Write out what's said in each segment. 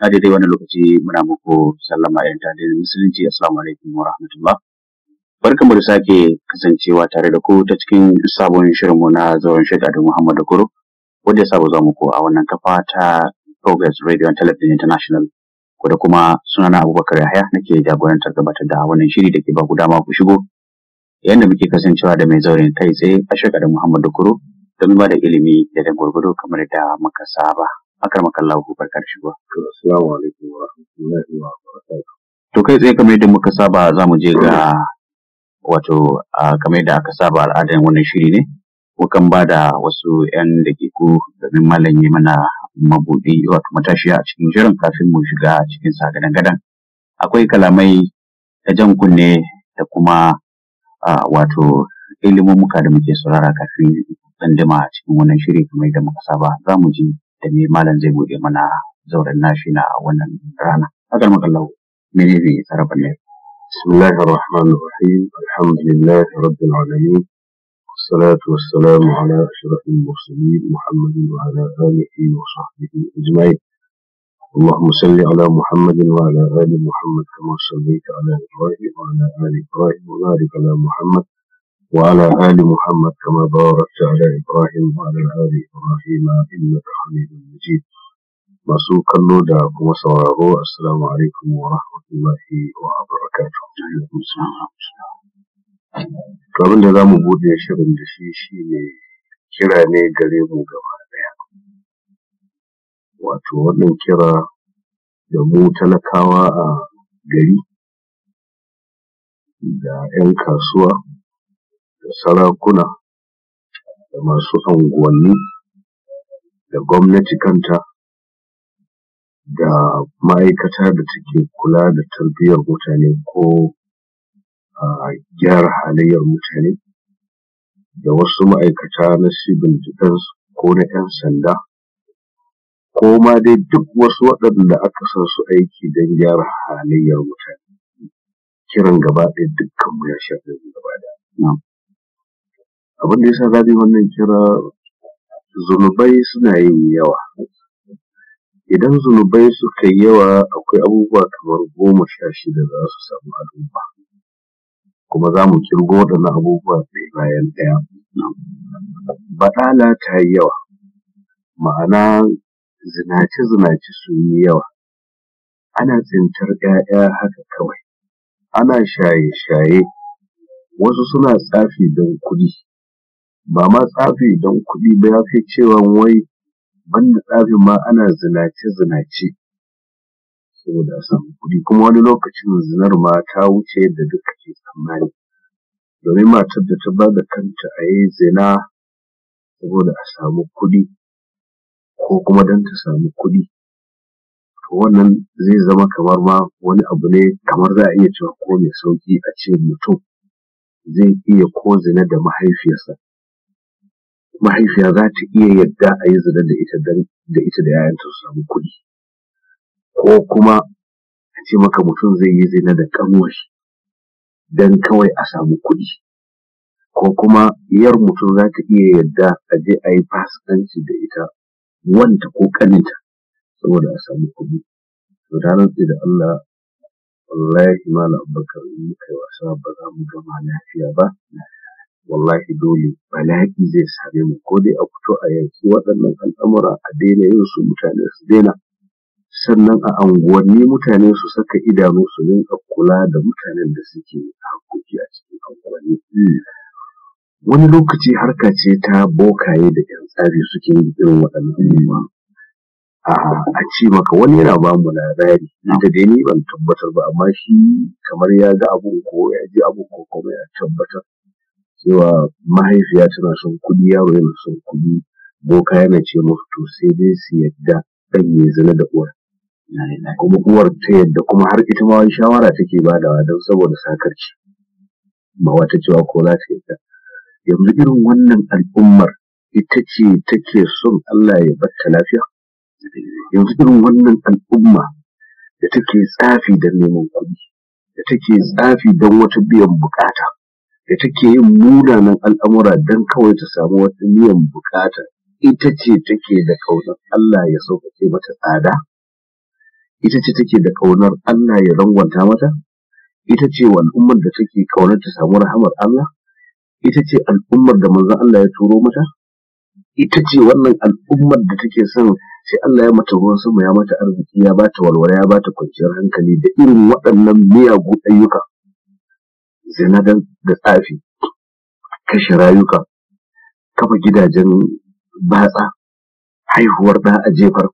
na daidai wani lokaci muna muku sallama yan tare musulunci assalamu alaikum wa rahmatullah barkamu da sake kasancewa tare da ku ta cikin sabon shirinmu na zauren shaida da muhammadu kuro wanda ya saba za muku a wannan kafa ta progress radio and television international ko da kuma sunana abubakar yahaya nake jagorantar gabatar da wannan shiri da ke ba ku dama ku shigo yadda muke kasancewa da mai zaurin kai tsaye a shekarar muhammadu kuro don ba da ilimi da da gwargwado kamar da muka saba ku barka barkar shigo assalamu alaikum wa rahmatullahi wa barakatuh to kai tsaye kamar yadda muka saba za mu je ga wato kamar yadda aka saba al'adar wannan shiri ne mukan ba da wasu 'yan dakiku domin malam yi mana mabuɗi wato matashiya a cikin shirin kafin mu shiga cikin sa gadan akwai kalamai da jan kunne da kuma wato ilimin muka da muke saurara kafin tsandima a cikin wannan shiri kamar da muka saba za mu ji da me malam zai buɗe mana zauren nashi na wannan rana. Hakan makallau, mene ne tsarafa ne? Bismillahir Rahmanir Rahim, Alhamdulillah, Rabbil Alamin, الصلاة والسلام على أشرف المرسلين محمد وعلى آله وصحبه أجمعين اللهم صل على محمد وعلى آل محمد كما صليت على إبراهيم وعلى آل إبراهيم وبارك على محمد وعلى آل محمد كما باركت على إبراهيم وعلى آل إبراهيم إنك حميد مجيد masu kallo da kuma sauraro assalamu alaikum wa rahmatullahi wa barakatuh abin da za mu bude shirin da shi shine kira ne gare mu gaba daya wato wannan kira da mu talakawa a gari da 'yan kasuwa sarakuna da masu unguwanni da gwamnati kanta da ma'aikata da take kula da tarbiyyar mutane ko a gyara halayyar mutane da wasu ma'aikata na civil defense ko na 'yan sanda ko ma dai duk wasu waɗanda aka sa su aiki don gyara halayyar mutane kiran gaba ɗaya dukkan ya shafi gaba ɗaya abin da ya sa zaɓi wannan kira zunubai suna yin yawa idan zunubai suka yi yawa akwai abubuwa kamar goma sha shida za su samu al'umma kuma za mu kirgo waɗannan abubuwa ɗaya bayan ɗaya baɗala ta yi yawa ma'ana zinace-zinace sun yi yawa ana tsintar 'ya'ya haka kawai ana shaye-shaye wasu suna tsafi don kuɗi ba ma tsafi don kuɗi ba ya fi cewa wai banda tsafin ma ana zinace-zinace saboda a samu kuɗi kuma wani lokacin zinar ma ta wuce da duk ke tsammani domin matar da ta ba da kanta a yi zina saboda a samu kuɗi ko kuma don ta samu kuɗi to wannan zai zama kamar ma wani abu ne kamar za a iya cewa ko mai sauƙi a ce mutum zai iya ko zina da mahaifiyarsa mahaifiya za ta iya yadda a yi zina da ita da ita da yayanta su samu kuɗi ko kuma a ce maka mutum zai yi zina da kanwashi dan kawai a samu kuɗi ko kuma yar mutum za ta iya yadda a je a yi fasikanci da ita wanta ko kaninta saboda a samu kuɗi to ta rantse da Allah wallahi malam abubakar in kai wasa ba za mu gama lafiya ba lafiya wallahi dole bala'i zai same mu ko dai a fito a yanki waɗannan al'amura a daina yin su mutane su daina sannan a anguwanni mutane su saka idanu su rinka kula da mutanen da suke harkoki a cikin anguwanni wani lokaci harka ce ta bokaye da yan tsari suke yin irin waɗannan a ce maka wani yana ba mu labari da dai ni ban tabbatar ba amma shi kamar ya ga abun ko ya ji abun ko kuma ya tabbatar cewa mahaifiya tana son kuɗi yaro yana son kuɗi boka yana ce musu to sai dai su yadda ɗan ya zina da uwar kuma uwar ta yadda kuma har ita ma wani shawara take badawa don saboda sakarci ba wata cewa ko za ta yadda yanzu irin wannan al'ummar ita ce take son Allah ya batta lafiya yanzu irin wannan al'umma da take tsafi don neman kuɗi da take tsafi don wata biyan bukata da take yin munanan al'amura don kawai ta samu wata miyan bukata ita ce take da kaunar Allah ya sauƙaƙe mata tsada ita ce take da kaunar Allah ya rangwanta mata ita ce al'ummar da take kaunar ta samu rahamar Allah ita ce al'ummar da manzon Allah ya turo mata ita ce wannan al'ummar da take son sai Allah ya mata ruwan sama ya mata arziki ya bata walwala ya bata kwanciyar hankali da irin waɗannan miyagun ayyuka Zinadan da tsafi kashe rayuka kafa gidajen batsa haihuwar ɗa a jefar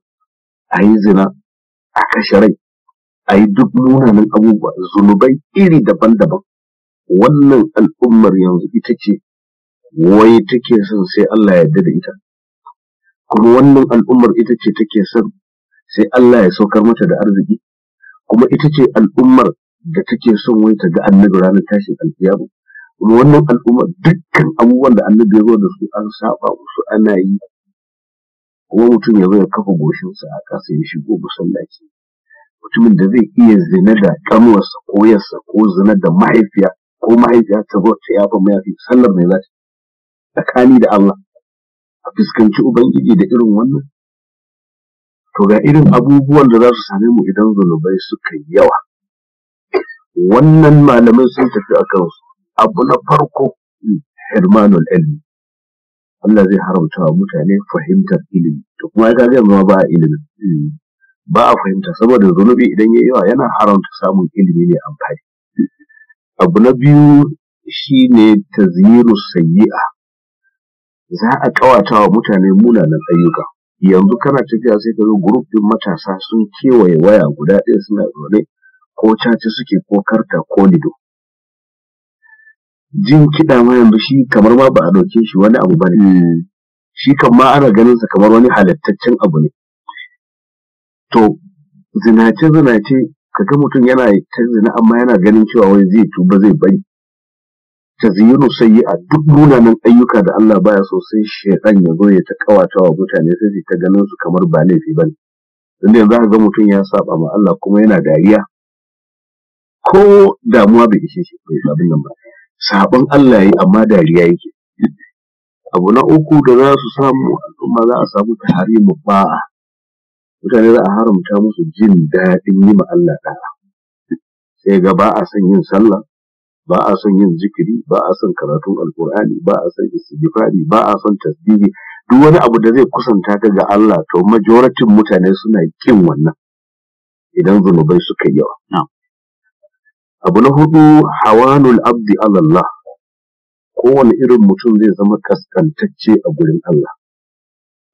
a yi zina a kashe rai a yi duk munanan abubuwa zunubai iri daban-daban wannan al'ummar yanzu ita ce wai take son sai Allah ya yarda da ita kuma wannan al'ummar ita ce take son sai Allah ya saukar mata da arziki kuma ita ce al'ummar da take son wai ta ga annabi ranar tashin alkiyama wannan al'umma dukkan abubuwan da annabi ya zo da su an saba musu ana yi kuma mutum ya zo ya kafa goshinsa a ƙasa ya shigo musallaci, mutumin da zai iya zina da ƙanwarsa ko yarsa ko zina da mahaifiya ko mahaifiya ta zo ta yafa mayafi sallar mai za tsakani da Allah a fuskanci ubangiji da irin wannan to ga irin abubuwan da za su same mu idan zunubai suka yi yawa wannan malamin sun tafi a kansu abu na farko hirmanul ilmi Allah zai haramta wa mutane fahimtar ilimi to kuma ga ga ba ilimi ba a fahimta saboda zunubi idan ya yawa yana haramta samun ilimi ne amfani abu na biyu shine tazyiru sayyi'a za a kawata wa mutane munanan ayyuka yanzu kana tafiya sai ka zo gurufin matasa sun kewaye waya guda ɗaya suna zaune ko caci suke ko karta ko lido jin kiɗa ma yanzu shi kamar ma ba a ɗauke shi wani abu ba ne mm. shi kan ma ana ganin sa kamar wani halittaccen abu ne to zinace zinace ka ga mutum yana ta zina amma yana ganin cewa wai zai tuba zai bari ta ziyinu sai a duk munanan ayyuka da Allah baya so sai shaitan ya zo ya ta kawata wa mutane sai su ta ganin su kamar ba laifi bane dan yanzu ga mutum ya saba ma Allah kuma yana dariya ko damuwa bai ishe shi bai abin nan ba sabon Allah yi amma dariya yake abu na uku da za su samu al'umma za a samu ta taharimu ba'a mutane za a haramta musu jin daɗin yi ma Allah ɗaya sai ga ba a son yin sallah ba a son yin zikiri ba a son karatun alkur'ani ba a son istighfari ba a son tasbihi duk wani abu da zai kusanta ka ga Allah to majoratin mutane suna kin wannan idan zunubai suka yawa abu na hudu hawanul abdi Allah kowane irin mutum zai zama kaskantacce a gurin Allah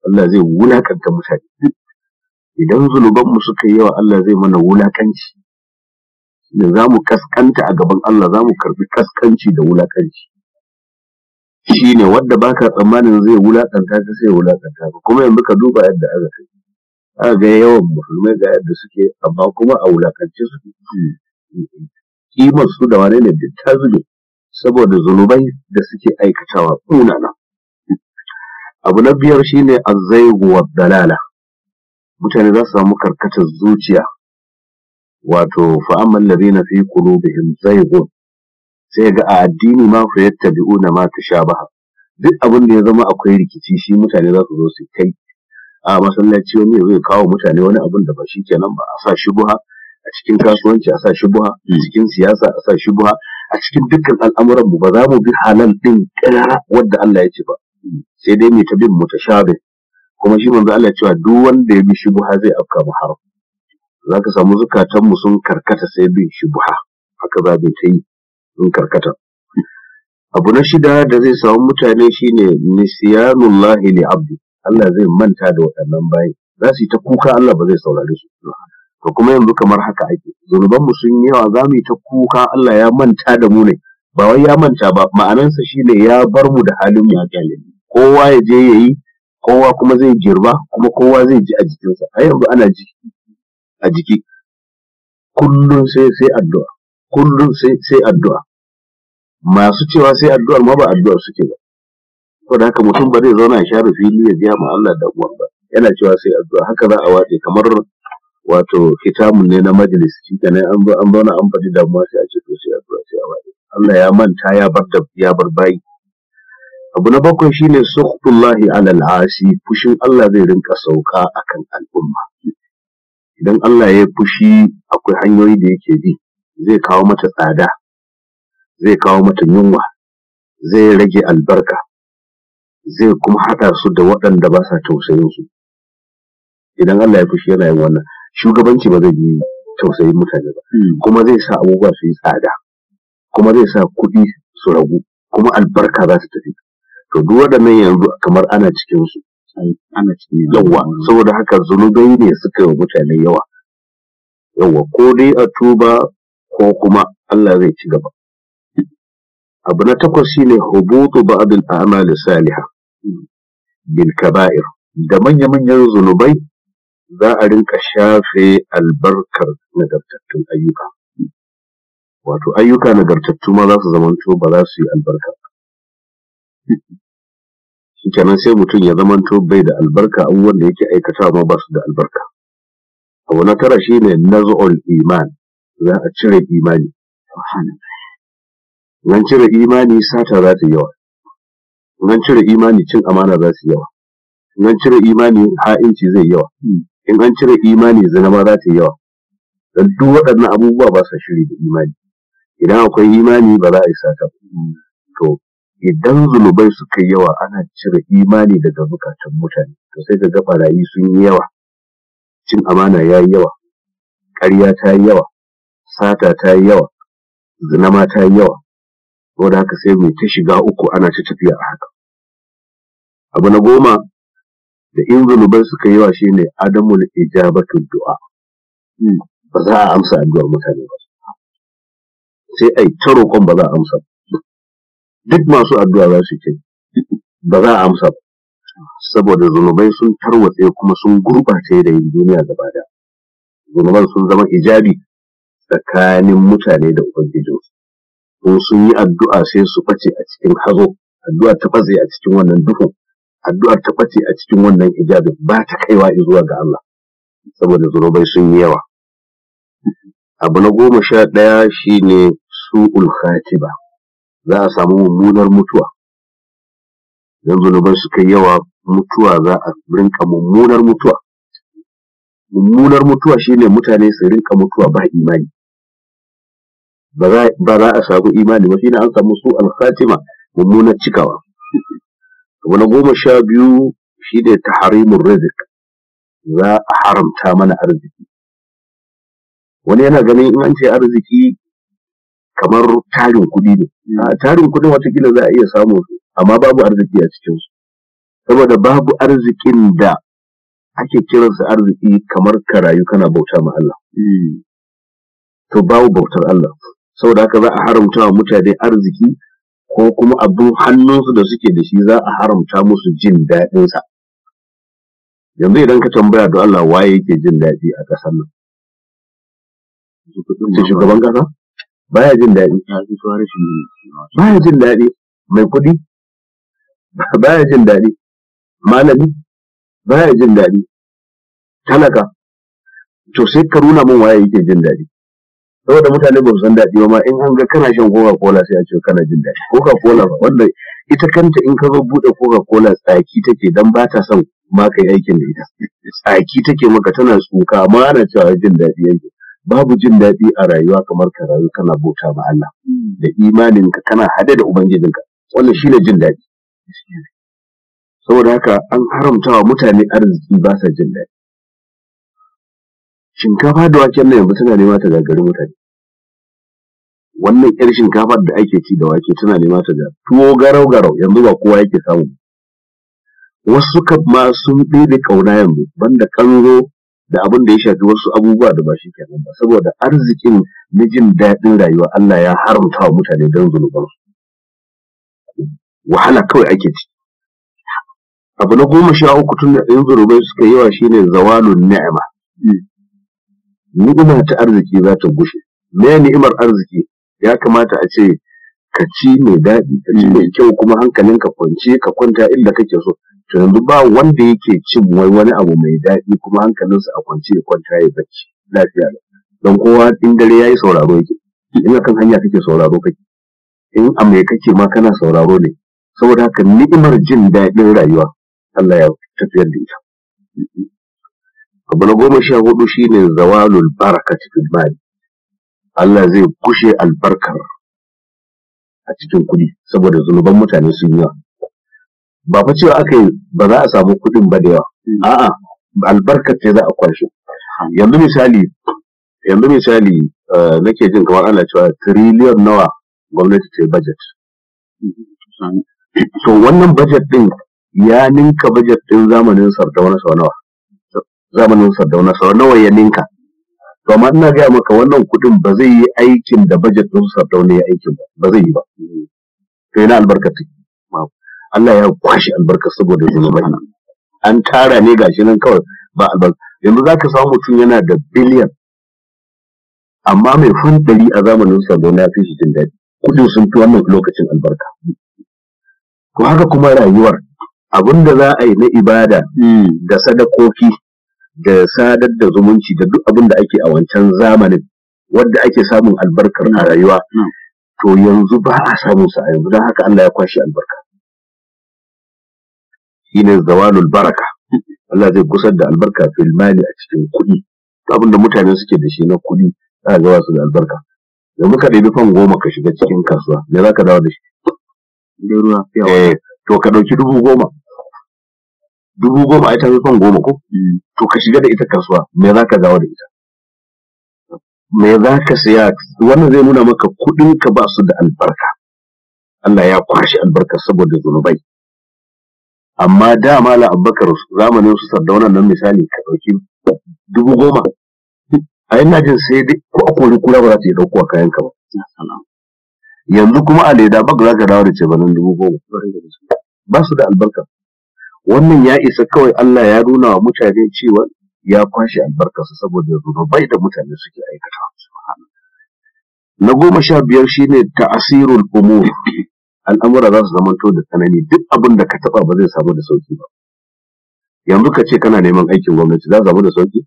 Allah zai wulakanta mutane idan zunubanmu suka yi yawa Allah zai mana wulakanci da za mu kaskanta a gaban Allah za mu karbi kaskanci da wulakanci shi ne wadda baka tsammanin zai wulakanta ka sai wulakanta ka kuma yanzu ka duba yadda aka kai aka ga yawan musulmai ga yadda suke amma kuma a wulakance su hmm. kimar su da wane ne da ta zube saboda zunubai da suke aikatawa munana abu na biyar shine azzaigu wa dalala mutane za su samu karkatar zuciya wato fa'amman ladina fi qulubihim zaigun sai ga a addini ma fa yattabi'una ma tashabaha duk abin da ya zama akwai rikici shi mutane za su zo su kai a masallaci wani zai kawo mutane wani abin da ba shi kenan ba a sa shubuha a cikin kasuwanci a sa shubuha a hmm. cikin siyasa a sa shubuha a cikin dukkan al'amuran mu ba za mu bi halal din kirara wanda Allah ya ce ba hmm. sai dai mai ta bin mutashabih kuma shi manzo Allah ya cewa duk wanda ya bi shubuha zai afka mu haram zaka samu zukatan mu sun karkata sai bin shubuha haka za bai ta yi sun karkata abu na shida da zai samu mutane shine nisyanullahi li abdi Allah zai manta da waɗannan bayi za su yi ta kuka Allah ba zai saurare su to kuma yanzu kamar haka ake zunubanmu sun sun yawa za mu yi ta kuka Allah ya manta da mu ne ba wai ya manta ba ma'anansa shine ya bar mu da halin ya galibi kowa ya je yayi kowa kuma zai girba kuma kowa zai ji a jikinsa a yanzu ana ji a jiki kullum sai sai addu'a kullum sai sai addu'a masu cewa sai addu'ar ma ba addu'ar suke ba saboda haka mutum ba zai zauna ya share fili ya ji ma Allah da uwan ba yana cewa sai addu'a haka za a watse kamar wato hitamun ne na majalis shi ne an an zauna an faɗi mu sai a ce to sai sai a Allah ya manta ya bar da ya bar bayi abu na bakwai shine sukhtullahi alal asi fushin Allah zai rinka sauka akan al'umma idan Allah ya fushi akwai hanyoyi da yake bi zai kawo mata tsada zai kawo mata yunwa zai rage albarka zai kuma haɗa su da waɗanda ba sa tausayin su idan Allah ya fushi yana yin wannan shugabanci ba zai yi tausayin mutane ba hmm. kuma zai sa abubuwa su yi tsada kuma zai sa kuɗi su ragu kuma albarka za su tafi to duk waɗannan yanzu kamar ana cikin su ana cikin yawa saboda haka zunubai ne suka yi mutane yawa yawa ko dai a tuba ko kuma Allah zai ci gaba abu na takwas shine hubutu ba'd al-a'mal salihah hmm. bil kaba'ir da manya-manyan zunubai za a rinka shafe albarkar nagartattun ayyuka wato ayyuka nagartattu ma za su zamanto ba za su yi albarka shi kenan sai mutum ya zamanto bai da albarka abubuwan da yake aikata ma ba su da albarka abu na tara shi ne naz'ul iman za a cire imani nan cire imani sata za ta yawa nan cire imani cin amana za su yawa nan cire imani ha'inci zai yawa in an cire imani zina ma za ta yi yawa don duk waɗannan abubuwa ba sa shiri da imani idan akwai imani ba za a yi sata to idan zunubai suka yi yawa ana cire imani daga zukatan mutane to sai ka ga barayi sun yi yawa cin amana ya yi yawa ƙarya ta yi yawa sata ta yi yawa zina ma ta yi yawa da haka sai mai ta shiga uku ana ta tafiya a haka abu na goma da in zunubai suka yi wa shi ne adamun ijabatu du'a hmm. ba za a amsa addu'ar mutane ba sai ai ta roƙon ba za a amsa duk masu addu'a za su ce ba za a amsa ba saboda zunubai sun tarwatse kuma sun gurbace da yin duniya gaba da zunuban sun zama ijabi tsakanin mutane da ubangijinsu ko sun yi addu'a sai su ɓace a cikin hazo addu'a ta fatse a cikin wannan duhun addu'ar ta ɓace a cikin wannan ijabin ba ta kaiwa zuwa ga Allah saboda zunubai sun yi yawa abu na goma sha ɗaya shine su'ul khatiba za a samu mummunar mutuwa idan zunubai suka yi yawa mutuwa za a rinka mummunar mutuwa mummunar mutuwa shine mutane su rinka mutuwa ba imani ba za a samu imani ba shine an samu su al mummunar cikawa abu na goma sha biyu shi ne ta harimun rizik za a haramta mana arziki wani yana ganin in an ce arziki kamar tarin kuɗi ne a tarin kuɗin watakila za a iya samu su amma babu arziki a cikinsu saboda babu arzikin da ake kiransa arziki kamar ka rayu kana bauta ma Allah hmm. to babu bautar Allah saboda haka za a haramta wa mutane arziki ko kuma abin hannunsu da suke da shi za a haramta musu jin daɗinsa. Yanzu idan ka tambaya da Allah waye yake jin daɗi a ƙasar nan. Sai shugaban ƙasa? Baya jin daɗi. Baya jin daɗi. Mai kuɗi? Baya jin daɗi. Malami? Baya jin daɗi. Talaka? To sai ka nuna min waye yake jin daɗi. saboda mutane ba su san daɗi ba ma in an ga kana shan coca cola sai a ce kana jin daɗi coca cola ba wanda ita kanta in ka zo buɗe coca cola tsaki take dan ba ta son ma kai aikin da ita tsaki take maka tana tsuka ma ana cewa jin daɗi yake babu jin daɗi a rayuwa kamar ka rayu kana bauta ma Allah da imaninka kana hade da ubangijinka wannan shine jin daɗi saboda haka an haramta wa mutane arziki ba sa jin daɗi shinkafa da waken nan yanzu tana nema ta gagari mutane wannan yar shinkafar da ake ci da wake tana nema ta ga tuwo garau garau yanzu ba kowa yake samu wasu kan ma sun ɗebe ƙauna yanzu banda kanzo da abin da ya shafi wasu abubuwa da ba shi kenan ba saboda arzikin na jin daɗin rayuwa Allah ya haramta wa mutane don su. wahala kawai ake ci abu na goma sha uku tun da yanzu rubai suka yawa shine zawalun ni'ima hmm. ni'ima ta arziki za ta gushe me ni'imar arziki ya kamata a ce ka ci mai daɗi ka ci mai kyau kuma hankalin ka kwance ka kwanta inda kake so to yanzu ba wanda yake cin wai wani abu mai daɗi kuma hankalinsa a kwance ya kwanta ya bacci lafiya don kowa in dare yayi sauraro yake ina kan hanya kake sauraro kake in a mai kake ma kana sauraro ne saboda haka ni'imar jin daɗin rayuwa Allah ya tafiyar da ita abu na goma sha hudu shine zawalul baraka cikin mali Allah zai kushe albarkar a cikin kuɗi saboda zunuban mutane sun yi ba fa cewa aka yi ba za a samu kuɗin ba da yawa a'a albarkar ce za a kwashe yanzu misali yanzu misali eh, nake jin kamar ana cewa trillion nawa gwamnati ce budget so wannan budget din ya ninka budget din zamanin sardauna sau nawa zamanin sardauna sau nawa ya ninka to amma ina gaya maka wannan kuɗin ba zai yi aikin da bajet ɗin sardauna ya aikin ba ba zai yi ba to yana albarka Allah ya kwashi albarka saboda zunubai an tara ne gashi nan kawai ba albarka yanzu za ka samu mutum yana da biliyan amma mai fun ɗari a zamanin sardauna ya fi shi jin daɗi kuɗin sun fi wannan lokacin albarka Ko haka kuma rayuwar abinda za a yi na ibada hmm. da sadakoki da sadar da zumunci da duk abin da ake a wancan zamanin wadda ake samun albarkar a rayuwa hmm. to yanzu ba a samun sa yanzu don haka Allah ya kwashe albarka shine zawalul baraka Allah zai gusar da albarka fil mali a cikin kuɗi abin da mutane suke da shi na kuɗi za ga su da albarka da muka ɗebi fan goma ka shiga cikin kasuwa me za ka dawo da shi eh, to ka ɗauki dubu goma dubu goma ai ta fi goma ko mm. to ka shiga da ita kasuwa me za ka dawo da ita me za ka siya wannan zai nuna maka kuɗin ka ba su da albarka Allah ya kwashi albarka saboda zunubai amma da mala abbakar zamanin su wannan nan misali ka dauki dubu goma a ina jin sai dai ko a kori kura ba za ta yi dauko a kayan ka ba yanzu kuma a leda ba za ka dawo da ce ba nan dubu goma ba su da albarka wannan ya isa kawai Allah ya nuna wa mutane cewa ya kwashe albarkarsa saboda bai da mutane suke aikata na goma sha biyar shine ta'asirul umur al'amura za su to da tsanani duk abin da ka taba ba zai samu da sauki ba yanzu ka ce kana neman aikin gwamnati za samu da sauki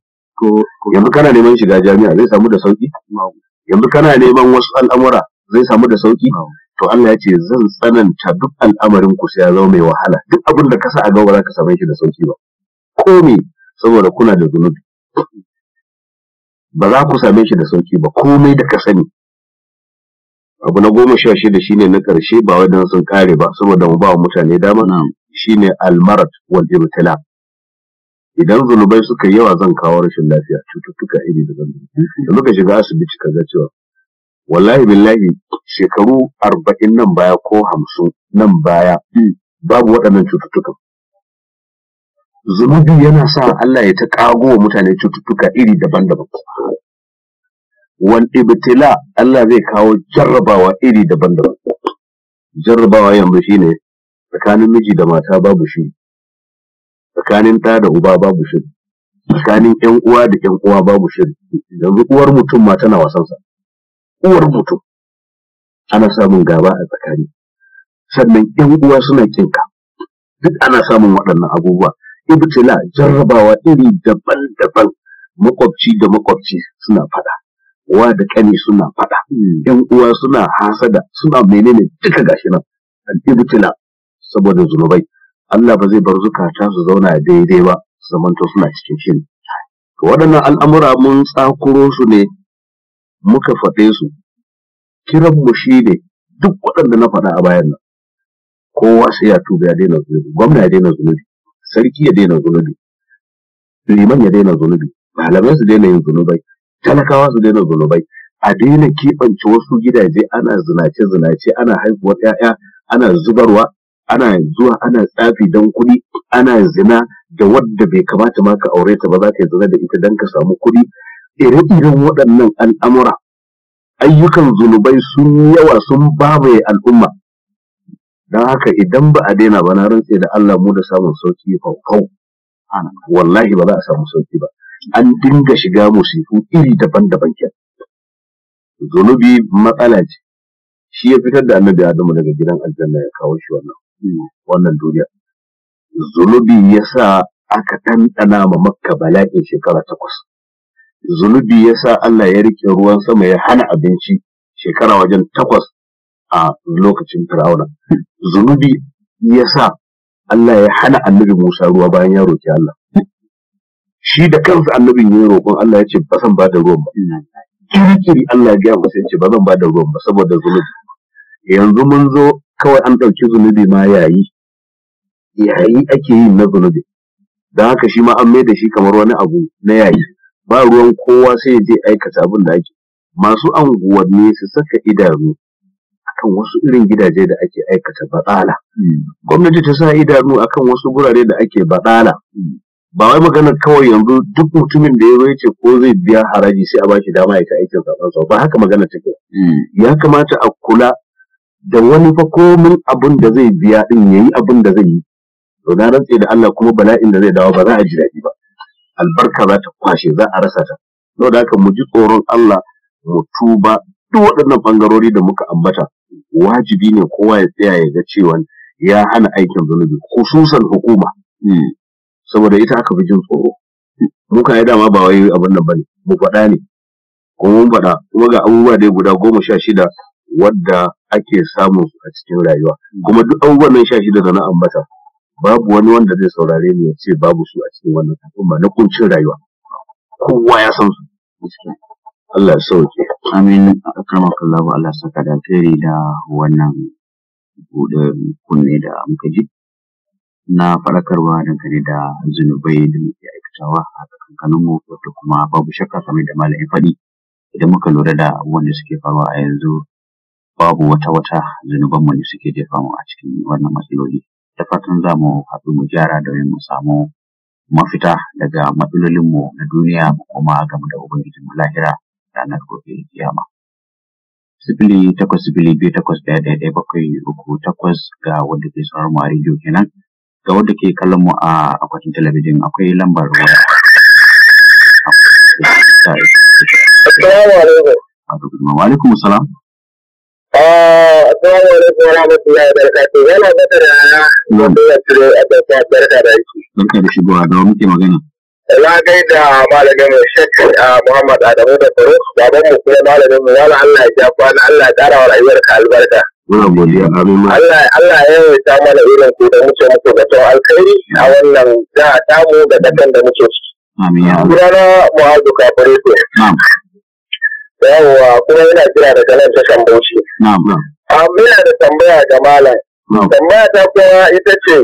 yanzu kana neman shiga jami'a zai samu da sauki yanzu kana neman wasu al'amura zai samu da sauki to Allah ya ce zan tsananta duk al'amarin ku sai ya zama mai wahala duk abin da ka sa a gaba za ka same shi da sauki ba ko me saboda kuna da zunubi ba za ku same shi da sauki ba komai da ka sani abu na goma sha shida shine na karshe ba wai sun kare ba saboda mu ba wa mutane dama shine almarat wal ibtila idan zunubai suka yawa zan kawo rashin lafiya cututtuka iri daban da muka shiga asibiti ka ga cewa wallahi billahi shekaru arba'in nan baya ko hamsin nan baya babu waɗannan cututtuka zunubi yana sa Allah ya ta ƙago wa mutane cututtuka iri daban-daban Wani ibtila Allah zai kawo jarrabawa iri daban-daban jarrabawa yanzu shine tsakanin miji da mata babu shi tsakanin ɗa da uba babu shi tsakanin 'yan uwa da 'yan uwa babu shi yanzu uwar mutum ma tana wasansa uwar mutum ana samun gaba a tsakani sannan yan uwa suna kinka duk ana samun waɗannan abubuwa ibtila jarrabawa iri daban-daban makwabci da makwabci suna faɗa wa da kani suna faɗa yan hmm. uwa suna hasada suna menene duka gashi nan ibtila saboda zunubai Allah ba zai bar zukata su zauna daidai ba zamanto suna cikin shiri to waɗannan al'amura mun tsakuro su ne muka faɗe su kiranmu shi ne duk waɗanda na faɗa a bayan nan kowa sai ya tuba ya daina zunubi gwamna ya daina zunubi sarki ya daina zunubi liman ya daina zunubi malamai su daina yin zunubai talakawa su daina zunubai a daina keɓance wasu gidaje ana zinace zinace ana haihuwar 'ya'ya ana zubarwa ana zuwa ana tsafi don kuɗi ana zina da wadda bai kamata ma ka aure ta ba za ka yi zina da ita don ka samu kuɗi ire-iren waɗannan al'amura ayyukan zunubai sun yawa sun babaye al'umma don haka idan ba a daina ba na rantse da Allah mu da samun sauki faufau wallahi ba za a samu sauki ba an dinga shiga musifu iri daban-daban ke zunubi matsala ce shi ya fitar da annabi Adamu daga gidan aljanna ya kawo shi wannan wannan duniya zunubi ya sa aka ɗanɗana ma makka bala'in shekara takwas zunubi ya sa Allah ya rike ruwan sama ya hana abinci shekara wajen takwas a lokacin Fir'auna. Zunubi ya sa Allah ya hana annabi Musa ruwa bayan ya roƙi Allah. Shi da kansa annabin ya roƙon Allah ya ce ba ba da ruwan ba. Kirkiri Allah ya gaya masa ya ce ba zan ba da ruwan ba saboda zunubi. Yanzu mun zo kawai an ɗauki zunubi ma yayi. Yayi ake yi na zunubi. Don haka shi ma an mai da shi kamar wani abu na yayi. ba ruwan kowa sai ya je aikata abin da ake masu anguwanni su saka idanu akan wasu irin gidaje da ake aikata batsala hmm. gwamnati ta sa idanu akan wasu gurare da ake batsala hmm. ba wai magana kawai yanzu duk mutumin da ya zo ce ko zai biya haraji sai a bashi dama ya ta aikin zaɓen ba haka magana take hmm. ya kamata a kula da wani fa komin abin da zai biya din yayi abin da zai yi to na rantse da Allah kuma bala'in da zai dawo ba za a ji daɗi ba albarka za ta kwashe za a rasa ta don da haka mu ji tsoron Allah mu tuba duk waɗannan bangarori da muka ambata wajibi ne kowa ya tsaya ya ga cewa ya hana aikin zunubi khususan hukuma hmm. saboda ita aka fi jin tsoro muka yi dama ba wai abin nan bane mu faɗa ne kuma mun faɗa kuma ga abubuwa dai guda goma sha shida wadda ake samu a cikin rayuwa kuma duk abubuwan nan sha shida da na ambata babu wani wanda zai saurare ni ya ce babu su a cikin wannan al'umma na kuncin rayuwa kowa ya san su Allah ya sauke amin akramakallahu Allah ya saka da alheri da wannan bude kunne da muka ji na faɗakarwa dangane da zunubai da muke aikatawa a tsakankanin mu wato kuma babu shakka kamar da malamin faɗi idan muka lura da wanda suke faruwa a yanzu babu wata wata zunubanmu ne suke jefa mu a cikin wannan matsaloli da fatan za mu haɗu mu gyara domin mu samu mafita daga matsalolinmu na duniya kuma game da mu lahira ranar gobe kiyama. Sifili takwas sifili biyu takwas ɗaya ɗaya ɗaya bakwai uku takwas ga wanda ke sauran mu a rediyo kenan ga wanda ke kallon mu a akwatin talabijin akwai lambar waya. Assalamu alaikum. Wa alaikum salam. Assalamu alaikum wa rahmatullahi wa da cire a tsakiyar barka da Barka da da muke magana. Na gaida malamin mu Sheikh ah, Muhammad Adamu da Faruk, baban mu kuma malamin mu wala Allah ya ja kwana Allah ya ƙara wa rayuwarka albarka. Muna godiya Allah Allah ya yawaita mana irin ku da muke muku da tsawon alkhairi a wannan jiha tamu da kasan da muke ciki. Amin. Sunana Muhammadu Kafireto. Na'am. yawwa kuma yana kira daga nan tashan bauchi amma ah, yana da tambaya ga malam tambaya ta kuma ita ce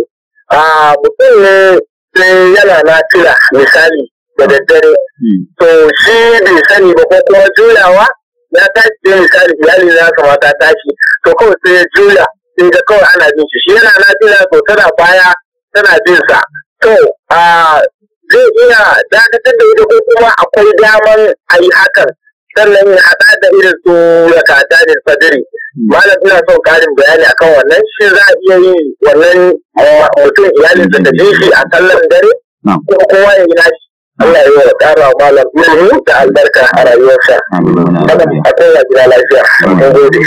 a ah, mutum ne sai yana na kira misali da daddare hmm. to shi bai sani ba ko kuma juyawa ya tashi da misali iyali na kamata tashi to kawai sai ya juya sai ga kawai ana jin shi shi yana na kira to tana baya tana jin sa to a ah, zai iya dakatar da ita ko kuma akwai damar a yi hakan sannan ya haɗa da irin su rakata da fajiri malam ina son karin bayani akan wannan shi za a iya yi wannan mutum eh, iyalinsa da shi a sallar dare kuma kowa ya yi nashi Allah ya ƙara wa malam ilimi da albarka a rayuwarsa. A kowa gida lafiya. Mun gode.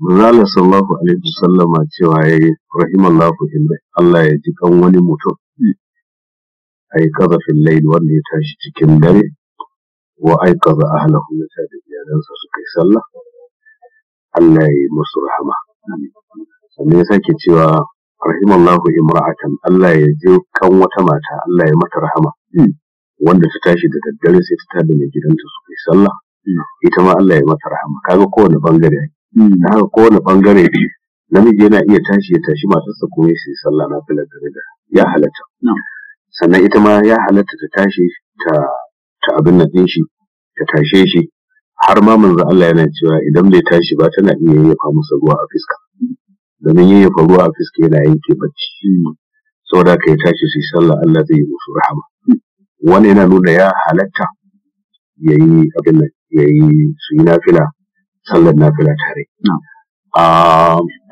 Manzala sallallahu alaihi wasallama cewa ya yi rahimallahu inda Allah ya ji kan wani mutum. Hmm. Ai yi fil laili wanda ya tashi cikin dare wa aiqaza a hana sa da iyalansa su kai sallah Allah ya yi musu rahama sannan ya sake cewa rahimallahu imra'atan Allah ya je kan wata mata Allah ya mata rahama wanda ta tashi da daddare sai ta tada mai gidanta su kai sallah ita ma Allah ya mata rahama kaga kowane bangare na haka kowane bangare namiji yana iya tashi ya tashi matarsa ko ya sai sallah na filar da ya halatta sannan ita ma ya halatta ta tashi ta ta abin nan ɗin shi ta tashe shi har ma manzo Allah yana cewa idan bai tashi ba tana iya yayyafa masa ruwa a fiska domin yayyafa ruwa a fiska yana yanke bacci saboda kai tashi sai sallah Allah zai yi musu rahama wani yana nuna ya halatta yayi abin nan yayi su yi nafila sallar nafila tare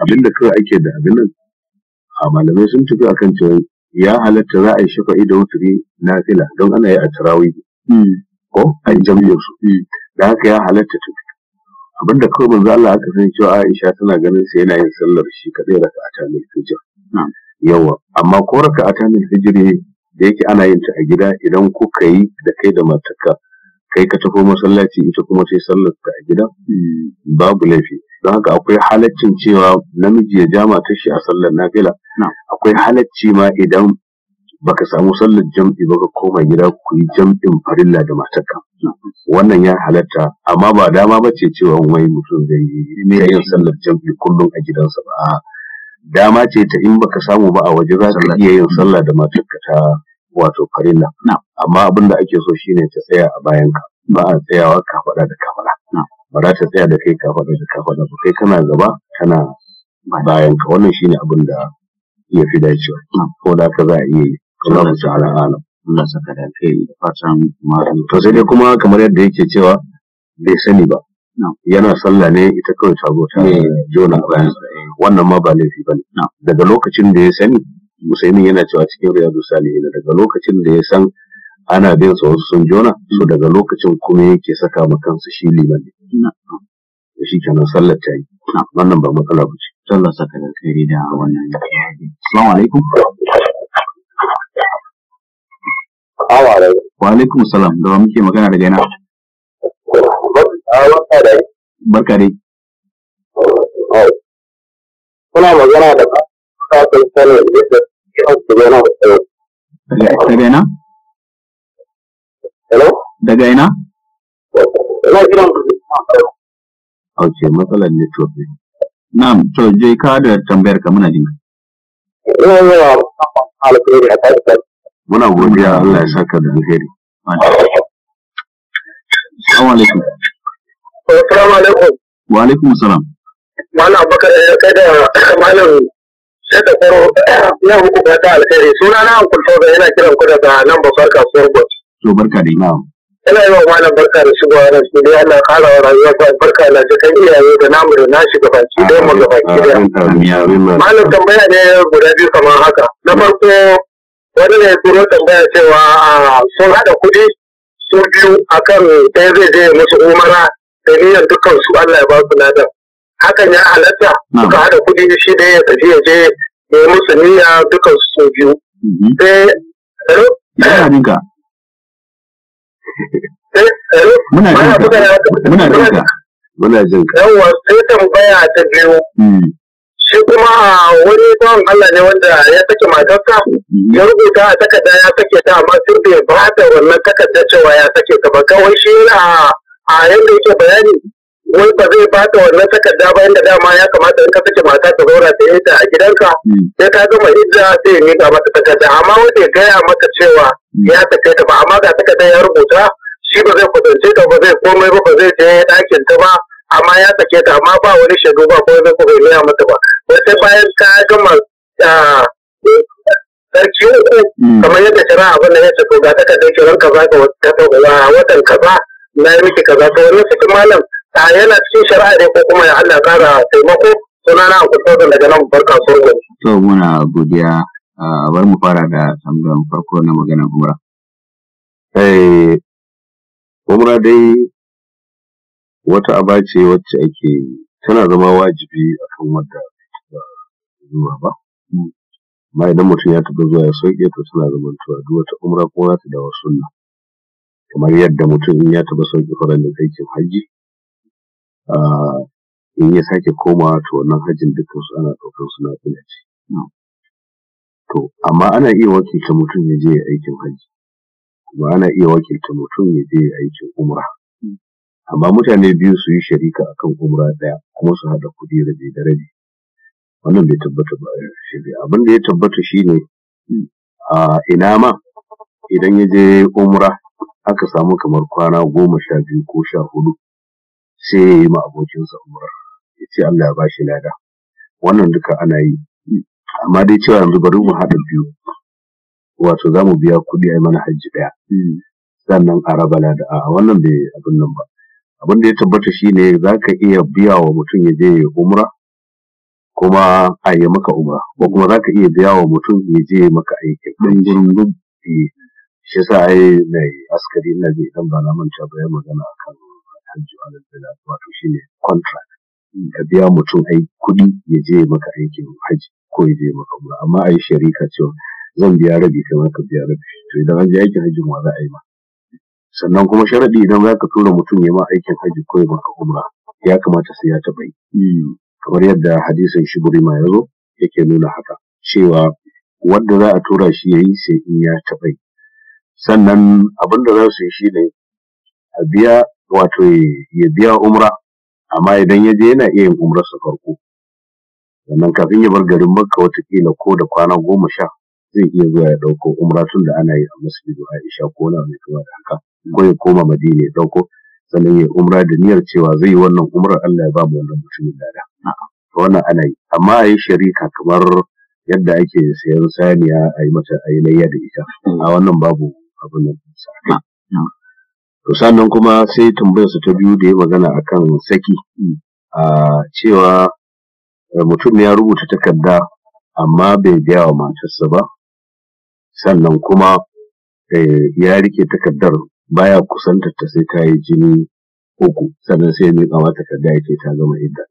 abin da kawai ake da abin nan a malamai sun tafi akan cewa ya halatta za a yi shafa'i da wuturi nafila don ana yi a tarawih ko a jam'iyyarsu da haka ya halatta ta abinda kawai manzo Allah aka san cewa Aisha tana ganin sa yana yin sallar shi kadai raka'ata min fijr yawa amma ko raka'ata min fijr da yake ana yin ta a gida idan kuka yi da kai da matarka kai ka tafi masallaci ita kuma sai sallar ta a gida babu laifi don haka akwai halaccin cewa namiji ya jama ta shi a sallar nafila akwai halacci ma idan baka samu sallar jam'i ba ka koma gida ku yi jam'in farilla da matarka wannan ya halatta amma ba dama ba ce cewa wai mutum zai yi yin sallar jam'i kullum a gidansa ba dama ce ta in baka samu ba a waje za ka iya yin sallah da matarka ta wato farilla amma abin da ake so shine ta tsaya a bayanka ba a tsayawa ka faɗa da kafala ba za ta tsaya da kai ka faɗa da ka ba kai kana gaba kana bayanka wannan shine abin da ya fi dacewa ko da ka za a iya yi Allahu ta'ala alam. Allah saka da kai da fatan To sai dai kuma kamar yadda yake cewa bai sani ba. Yana sallah ne ita kawai ta zo eh. ta jona bayan eh. wannan ma ba laifi ba ne. Daga lokacin da ya sani Musaimin yana cewa cikin riyadu salihin daga lokacin da ya san ana bin sa wasu sun jona so daga lokacin kuma yake saka ma kansa shi liman ne shi kenan sallar ta yi wannan ba matsala ba ce sallar saka da kai da wannan assalamu alaikum Assalamu Wa alaikum salam da muke magana daga yana. Barka dai. Barka Kuna magana da kafin sanin yadda yawan su yana da tsaye. Daga yana? Hello? Daga yana? Ina kiran ku a matsalar network ne. Na'am, to je ka da tambayar ka muna jin. Ina yawa alƙairi a kai muna godiya Allah ya saka da alheri assalamu alaikum assalamu alaikum wa alaikum salam malam bakar ya eh, kai da malam sai da koro na muku ta alheri suna na hankul sauka yana kiran ku daga nan bakar kasuwar gwaji. to barka da ina ina yi wa malam barka da shigowa nan shi da Allah kara wa rayuwa ba barka da jikan iyaye da namu da nashi gabaki da mu gabaki da malam tambaya ne guda biyu kamar haka na farko wani ne turo tambaya cewa ah, sun haɗa kuɗi su biyu akan ɗaya zai je musu umara da niyan dukkan su Allah ya ba su ladan hakan ya halatta suka haɗa kuɗi shi da ya tafi ya je ya musu niyya dukkan su biyu mhm. sai muna jinka muna jinka yawwa sai tambaya ta biyu mm. shi kuma wani bawan Allah ne wanda ya sake matarsa ya rubuta a takarda ya sake ta amma sai bai ba ta wannan takarda cewa ya sake ta ba kawai shi yana a yadda yake bayani wai ba zai ba ta wannan takarda ba yadda dama ya kamata in ka sake mata ta zauna ta yi a gidanka sai ta gama hijja sai ya miƙa mata takarda amma wanda ya gaya maka cewa ya sake ta ba amma ga takarda ya rubuta shi ba zai kwatance ta ba zai komai ba ba zai je ɗakin ta ba amma ya sake ta amma ba wani shaidu ba ko zai kuma ya mata ba wai sai bayan ka gama ah, sarki uku hmm. kamar yadda shara abin da ya ce to ga ta kadai kiran kaza ga watan kaza na yi miki kaza to wani suke malam a yana cikin shari'a ne ko kuma ya Allah kara taimako sunana a da daga nan barka sorgon. to muna godiya a ah, bar mu fara da tambayar farko na magana umra. Eh, umra dai wata aba ce wacce ake tana zama wajibi akan wanda ba zuwa ba amma idan mutum ya taɓa zuwa ya sauke to suna zaman tuwa duk wata umra ko za ta dawo sunna kamar yadda mutum in ya taɓa sauke da aikin hajji in ya sake komawa to wannan hajjin dukkan su ana ɗaukar suna fila ce to amma ana iya wakilta mutum ya je aikin hajji kuma ana iya wakilta mutum ya je aikin umra amma mutane biyu su yi sharika akan umra ɗaya kuma su haɗa kuɗi rabe da rabi wannan bai tabbata ba eh, shari'a abin da ya tabbata shine a ina ma idan ya je umra aka samu kamar kwana goma sha biyu ko sha hudu sai ya yi ma abokinsa umra ya ce Allah ya bashi lada wannan duka ana yi amma dai cewa yanzu bari mu haɗa biyu wato za mu biya kuɗi a mana hajji ɗaya hmm. sannan a raba lada a wannan bai abin nan ba abin da ya tabbata shine za ka iya biya wa mutum ya je ya umra kuma a yi maka umra ko kuma za ka iya biya wa mutum ya je maka aikin ɗan eh, shi sa ai mai askari na je idan ba na manta ba ya magana kan hajji alal lalbila wato shine contract ka biya mutum ai kuɗi ya je maka aikin hajji ko ya je maka umra amma a yi sharika cewa zan biya rabi kamar ka biya rabi to idan an je aikin hajji ma za a yi ma sannan kuma sharaɗi idan za ka tura mutum ya ma aikin hajji ko ba ka umra ya kamata sai ya taɓa yi hmm. kamar yadda hadisin buri ma ya zo yake nuna haka cewa wanda za a tura shi ya yi sai in ya taɓa yi sannan abin da za su yi ne a biya wato ya biya umra amma idan ya je yana iya yin umrarsa farko sannan kafin ya bar garin makka watakila ko da kwana goma sha zai iya zuwa ya ɗauko umra tun da ana yi a masjidu aisha ko na mai kama da haka ko ya koma madina ya dauko sannan ya umra da niyyar cewa zai yi wannan umrar Allah ya ba mu wannan mutumin lada to wannan ana yi amma a yi sharika kamar yadda ake sayan saniya a yi mata a yi layya da ita a wannan babu abin da sa to sannan kuma sai tambayarsa ta biyu da ya magana akan saki mm. a cewa eh, mutum ya rubuta takarda amma bai biya wa matarsa ba sannan kuma eh, ya rike takardar baya kusantar ta sai ta yi jini uku sannan sai mai miƙa ta takarda yake ta gama idda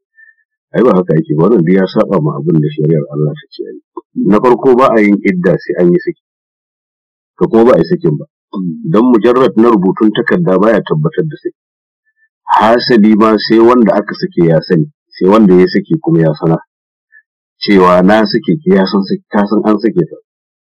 ai ba haka yake ba wannan duk ya saba ma abin da shari'ar Allah ta ce na farko ba a yin idda sai an yi saki to kuma ba a yi sakin ba don mujarrad na rubutun takarda baya tabbatar da saki hasali ma sai wanda aka sake ya sani sai wanda ya sake kuma ya sana cewa na sake ki ya san ka san an sake ta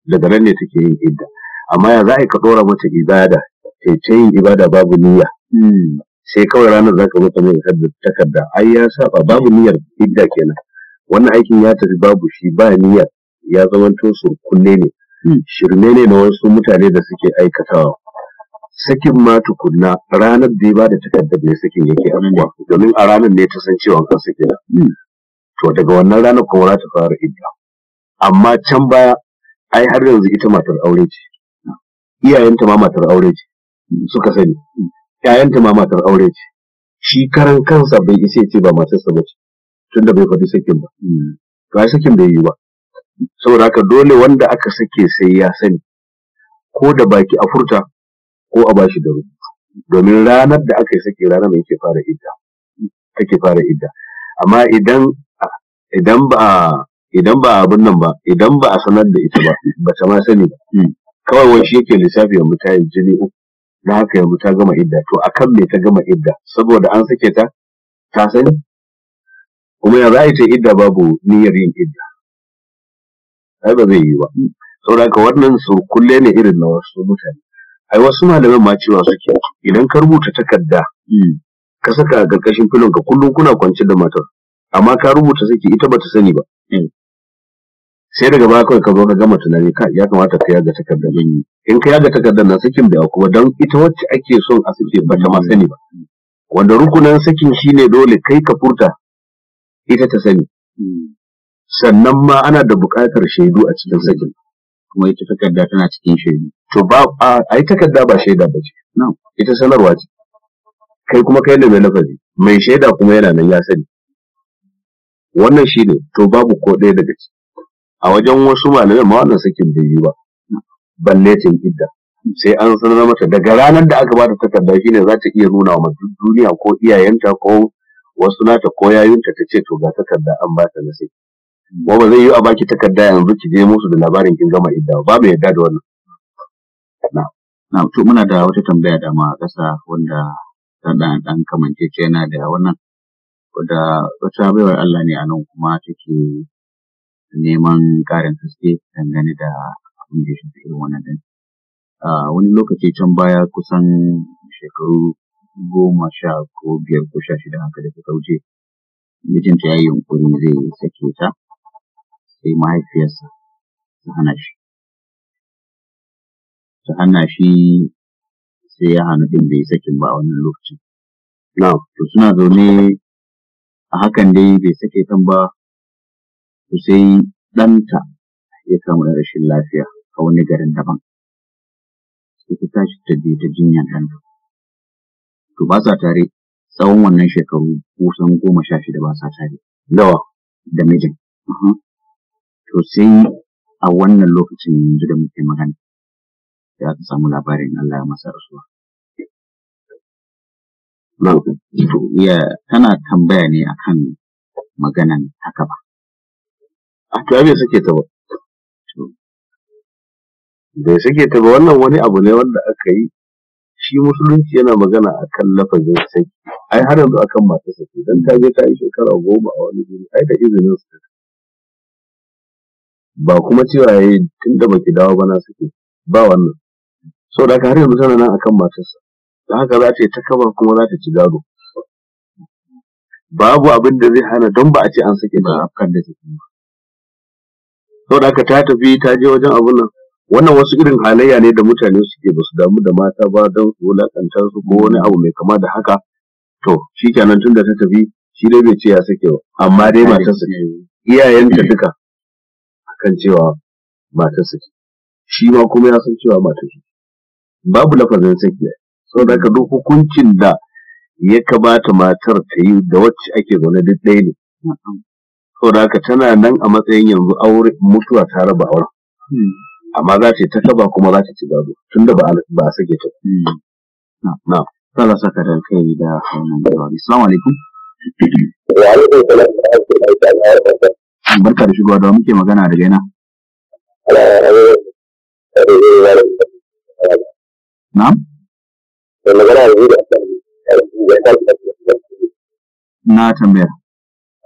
daga nan ne take yin idda amma ya za a ka dora mata ibada ta yin ibada babu niyya hmm. sai kawai ranar zaka mutu kamar da takarda ai ya saba babu niyyar idda kenan wannan aikin ya tafi babu shi ba niyyar ya zamanto surkulle ne hmm. shirme ne na wasu mutane da suke aikatawa sakin ma tukunna ranar da ya bada takardar ne sakin yake abubuwa domin a ranar ne ta san cewa kan kenan. Hmm. to daga wannan ranar kuma za ta fara idda amma can baya ai har yanzu ita matar aure ce iyayenta ma matar aure ce suka sani ƴaƴanta ma matar aure ce shi karan kansa bai isa ce ba masu ba ce tunda bai faɗi sakin ba to hmm. ai sakin bai yi ba saboda haka dole wanda aka sake sai ya sani ko da baki a furta ko a bashi da rubutu domin ranar da aka yi sake ranar da yake fara idda take fara idda amma idan idan ba idan ba abin nan ba idan ba a sanar da ita ba ba ta ma sani ba hmm. kawai wani shi yake lissafi yanzu mutane jini uku da haka yanzu ta gama idda to akan me ta gama idda saboda an sake ta ta sani kuma ya za ce idda babu niyyar yin idda ai ba zai yi ba saboda ka wannan su kulle ne irin na wasu mutane ai wasu malaman ma cewa suke idan ka rubuta takarda ka saka a ƙarƙashin filon ka kullum kuna kwance da matar amma ka rubuta saki ita bata sani ba sai daga baya kawai ka zo ka gama tunani ka ya kamata ka yaga takardar yin. in ka yaga takardar nan sakin bai kuma don ita wacce ake son a sake ba ta ma sani ba wanda rukunan sakin shine dole kai ka furta ita ta sani sannan ma ana da buƙatar shaidu a cikin sakin kuma ita takarda tana cikin shaidu to ba a yi takarda ba shaida ba ce ita sanarwa ce kai kuma kai ne mai lafazi mai shaida kuma yana nan ya sani wannan shi ne to babu ko ɗaya daga ciki a wajen wasu malamai ma wannan sakin bai yi ba balle ta idda sai an sanar mata daga ranar da aka bata takarda shine za ta iya nuna wa duk duniya ko iyayenta ko wasu nata ko yayinta ta ce to ga takarda an ba ta nasi Ko ba zai yi a baki takarda yanzu ki je musu da labarin kin gama idda ba mai yadda da wannan na'am to muna da wata tambaya da ma kasa wanda dan dan dan kamance yana da wannan wanda wata baiwar Allah ne a nan kuma take neman ƙarin haske dangane da abin da ya shafi irin wannan ɗin. A wani lokaci can baya kusan shekaru goma sha ko biyar ko sha shida haka da suka wuce mijinta ya yi yunƙuri zai sake ta sai mahaifiyarsa ta hana shi. Ta hana shi sai ya hannu ɗin bai sakin ba a wannan lokacin. To suna zaune a hakan dai bai sake kan ba to sai ɗanta ya samu rashin lafiya a wani garin daban sai ta tashi ta je ta jinya ɗanta to ba sa tare tsawon wannan shekaru kusan goma sha shida ba sa tare lawa da mijin to sai a wannan lokacin yanzu da muke magana ya ta samu labarin Allah ya masa rasuwa ya tana tambaya ne akan maganan haka ba a to suke ta ba bai ta ba wannan wani abu ne wanda aka yi shi musulunci yana magana a kan lafazin saki ai har yanzu akan masu saki dan ta je ta yi shekara goma a wani guri ai da izinin su ba kuma cewa ya yi tun da baki dawo ba na ba wannan so da haka har yanzu tana nan akan matarsa da haka za ta yi ta kaba kuma za ta ci gado babu abin da zai hana don ba a ce an sake a afkan da suke ba saboda haka ta tafi ta je wajen abun nan wannan wasu irin halayya ne da mutane suke ba su damu da mata ba don su wulakanta su ko wani abu mai kama da haka to shi kenan tun da ta tafi shi dai bai ce ya sake ba amma dai matar su iyayen iyayenta duka akan cewa matar su shi ma kuma ya san cewa matar shi babu lafazin saki saboda haka duk hukuncin da ya kamata matar ta yi da wacce ake zaune duk ɗaya ne saboda tana nan a matsayin yanzu aure mutuwa ta raba auren amma za ce ta kaba kuma za ta ci gado tunda ba a sake ta na tsala saka da kai da wannan jawabi assalamu alaikum wa alaikum salam barka da shigowa da muke magana daga yana na na tambaya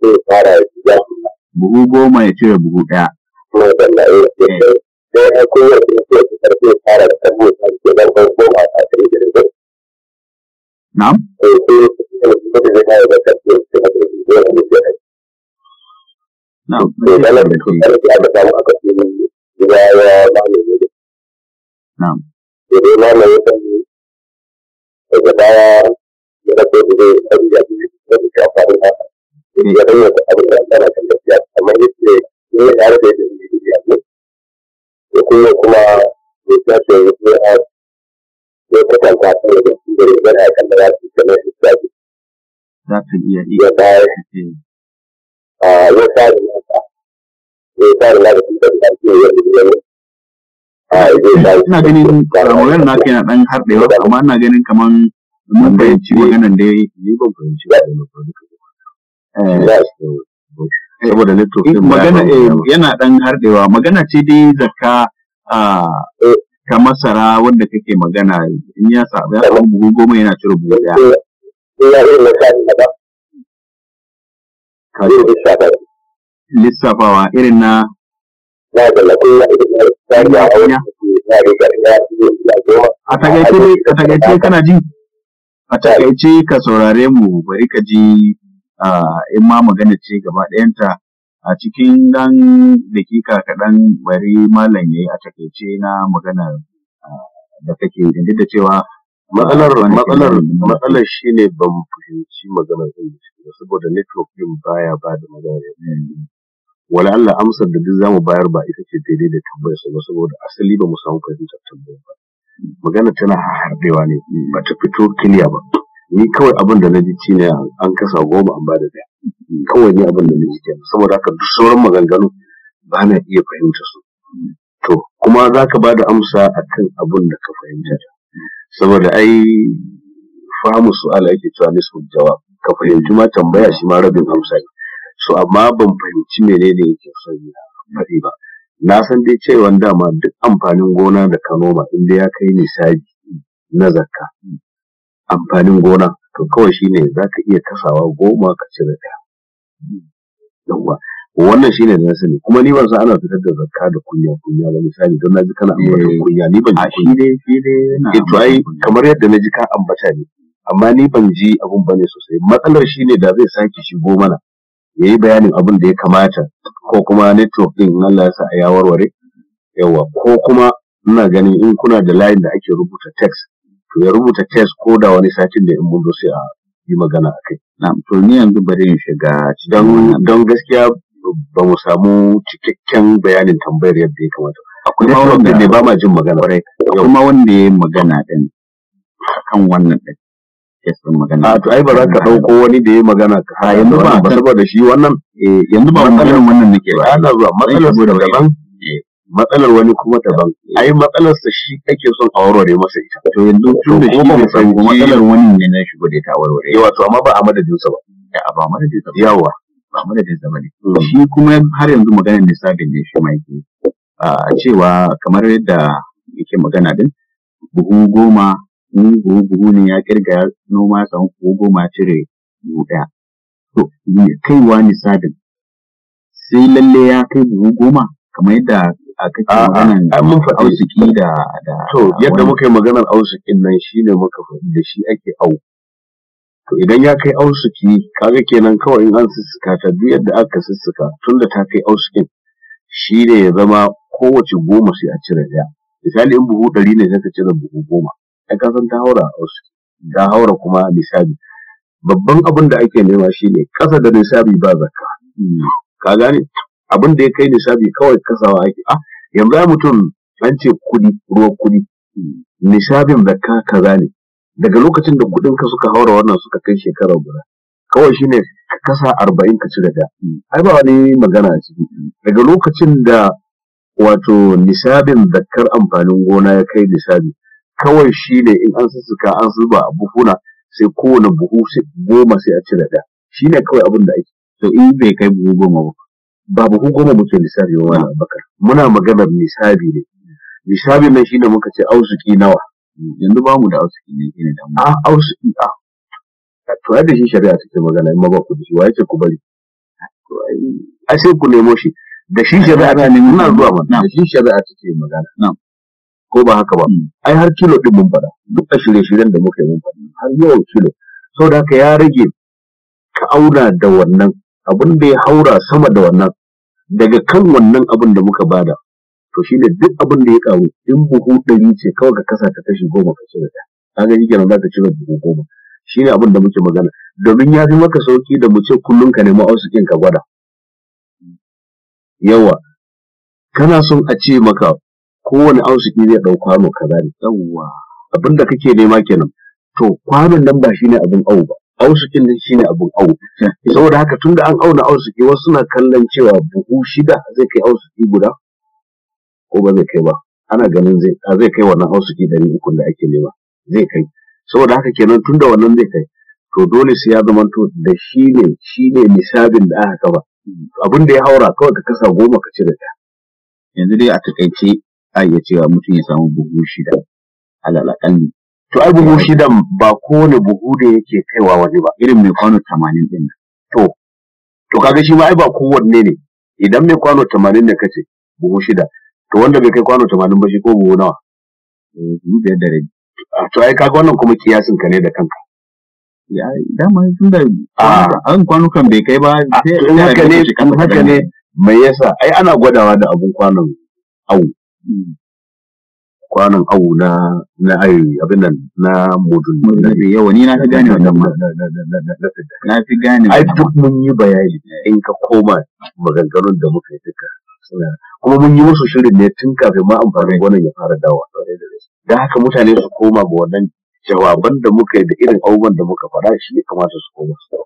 sai ya fara ya buhu goma ya cire buhu ɗaya. Mai dalla ya ce da ya ko ya ce ya ci karfe fara da karfe ya ce zan kai goma a kai da Na'am? Eh sai ya ce ya ce da zai da karfe ya da ya baya ya ga da rigarin wata abin da ana kan ne ya da yadda da kuma kuma ya tashi ya a ta da su da rigar kan da za su kama su tafi. Za iya iya da ce. Eh. A ya na ta. na da su da ta ya rigar ne. Ina ganin na kai na ɗan harɗewa amma ina ganin kamar mun fahimci maganan da ya yi ban fahimci ba da saboda magana eh, yana dan hardewa magana ce dai zakka ka eh, masara wanda kake magana in ya samu ya samu buhu goma yana cire buhu daya eh, lissafawa irin na a takaice kana ji a takaice ka saurare mu bari ka ji in ma magana ce gaba ɗayanta a cikin ɗan dakika kaɗan bari malam ya yi a takaice na magana da kake duk da cewa matsalar matsalar matsalar shine ban fahimci maganar ɗin saboda network ɗin baya ba da maganar hmm. wala Allah amsar da duk zamu bayar ba ita ce daidai da tambayar sa ba saboda asali ba mu samu fahimtar tambayar ba magana tana harbewa ne ba ta fito kiliya ba ni kawai abin da na ji ci ne an kasa goma an bada daya kawai ni abin da na ji kenan saboda haka duk sauran maganganu ba na iya fahimta su to kuma za ka ba da amsa akan abin da ka fahimta saboda ai fahimu su'ala yake cewa nisbul jawab ka fahimci ma tambaya shi ma rabin amsa ne so amma ban fahimci menene yake son ya faɗi ba na san dai cewa dama duk amfanin gona da ka noma inda ya kai nisabi na zakka amfanin gona to kawai shine za ka iya kasawa goma ka cire ɗaya yawwa wannan shine da na sani kuma ni ban san ana fitar da zakka da kunya kunya ba misali don na ji kana ambaton eh, kunya ni ban ji shi dai shi dai eh, kamar yadda na ji ka ambata ne amma ni ban ji abun bane sosai matsalar shine da zai sake shigo mana yayi bayanin abin da ya kamata ko kuma network din Allah ya sa a ya warware yawa ko kuma ina ganin in kuna da layin da ake rubuta text to ya rubuta test ko da wani satin da in mun zo sai a yi magana a kai. Na to ni yanzu bari in shiga cikin don gaskiya ba mu samu cikakken bayanin tambayar yadda ya kamata. Akwai ma wanda ne ba ma jin magana. Akwai ma wanda ya magana ɗin kan wannan ɗin. magana. A to ai ba za ka ɗauko wani da ya magana ka yanzu ba saboda shi wannan. Eh, yanzu ba wannan wannan nake ba. Ana zuwa matsalar daban matsalar wani kuma daban eh. ai matsalarsa shi ake son a warware masa ita to yanzu tun da shi ne sai matsalar wani ne na shigo da ita warware yawa to amma ba a madadin sa ba a ba madadin sa yawa ba madadin sa bane hmm. shi kuma har yanzu maganar lissafin ne shi mai yake a cewa kamar yadda yake magana din buhu goma ni buhu buhu ne ya kirga noma san buhu goma cire buhu daya to kaiwa nisabin sai lalle ya kai buhu goma kamar yadda a kake mun faɗi ausiki da to yadda muka yi maganar ausikin nan shine muka faɗi da shi ake au to idan ya kai ausiki kaga kenan kawai in an sussuka ta duk yadda aka sussuka tunda ta kai ausikin shine ya zama kowace goma sai a cire ɗaya misali in buhu ɗari ne zaka cire buhu goma ai ka ta haura ausiki ta haura kuma nisabi babban abin da ake nema shine ƙasa da nisabi ba zakka hmm. ka gane abin da ya kai nisabi kawai kasawa ake a ah, yanzu ya mutum an ce kuɗi ruwan kuɗi nisabin ka kaza ne daga lokacin da kuɗin ka suka haura wannan suka kai shekara guda kawai shine ne kasa arba'in ka ci daga ai ba wani magana a ciki daga lokacin da wato nisabin zakkar amfanin gona ya kai nisabi kawai shi ne in an sussuka an zuba a buhuna sai kowane buhu sai goma sai a cire da. shi ne kawai abin da ake to in bai kai buhu goma ba babu hukuma muke lissafi wa wani abakar muna magana nisabi ne nisabi nan shine muka ce ausuki nawa yanzu ba mu da ausuki ne shine ah, ah. da a ausuki a to yadda shi shari'a take magana in ma ba ku da shi wa yake ku bari a sai ku nemo shi da shi shari'a ta nemi muna zuwa ba da shi shari'a take magana ko ba haka ba hmm. ai har kilo din mun fada duk a shirye-shiryen da muka yi mun fada har yau kilo saboda haka ya rage ka auna da wannan abin da ya haura sama da wannan daga kan wannan abin da muka bada to shi ne duk abin da ya karu in buhu ɗari ce kawai ka kasa ta kashi goma ka cire ta kaga shi kenan za ka cire buhu goma shi ne abin da muke magana domin ya fi maka sauki da mu ce kullum ka nemi ausukin ka gwada yawa kana son a ce maka kowane ausuki zai ɗau kwano kaza ne yawa abin da kake nema kenan to kwanon nan ba shi ne abin awu ba aushikin din shine abun awo saboda haka tunda an auna aushiki wasu suna kallon cewa buhu shida zai kai aushiki guda ko ba zai kai ba ana ganin zai zai kai wannan aushiki ɗari uku da ake nema zai kai saboda haka kenan tunda wannan zai kai to dole sai ya zama to da shine shine misabin da aka kafa abin da ya haura kawai ka kasa goma ka cire ta yanzu dai a takaice a iya cewa mutum ya samu buhu shida alal to ai buhu shidan ba kowane buhu da yake kaiwa wani ba irin mai kwano tamanin din to to kaga shi ma ai ba kowanne ne idan mai kwano tamanin ne kace buhu shida to wanda bai kai kwano tamanin ba shi ko buhu nawa Eh biyar da rabi ah, to ai kaga wannan kuma kiyasin ka ne da kanka ya dama tun da an kan bai kai ba ah, sai haka ne haka ne mai yasa ai ana gwadawa da abun kwanon au hmm. kwanan awu na na na mudun na yawa na fi gane wannan ma na fi gane ai duk mun yi bayani in ka koma maganganun da muka yi duka kuma mun yi musu shirin ne tun kafin ma amfanin gwanan ya fara dawa da haka mutane su koma ga wannan jawaban da muka yi da irin abubuwan da muka faɗa shi ya kamata su koma su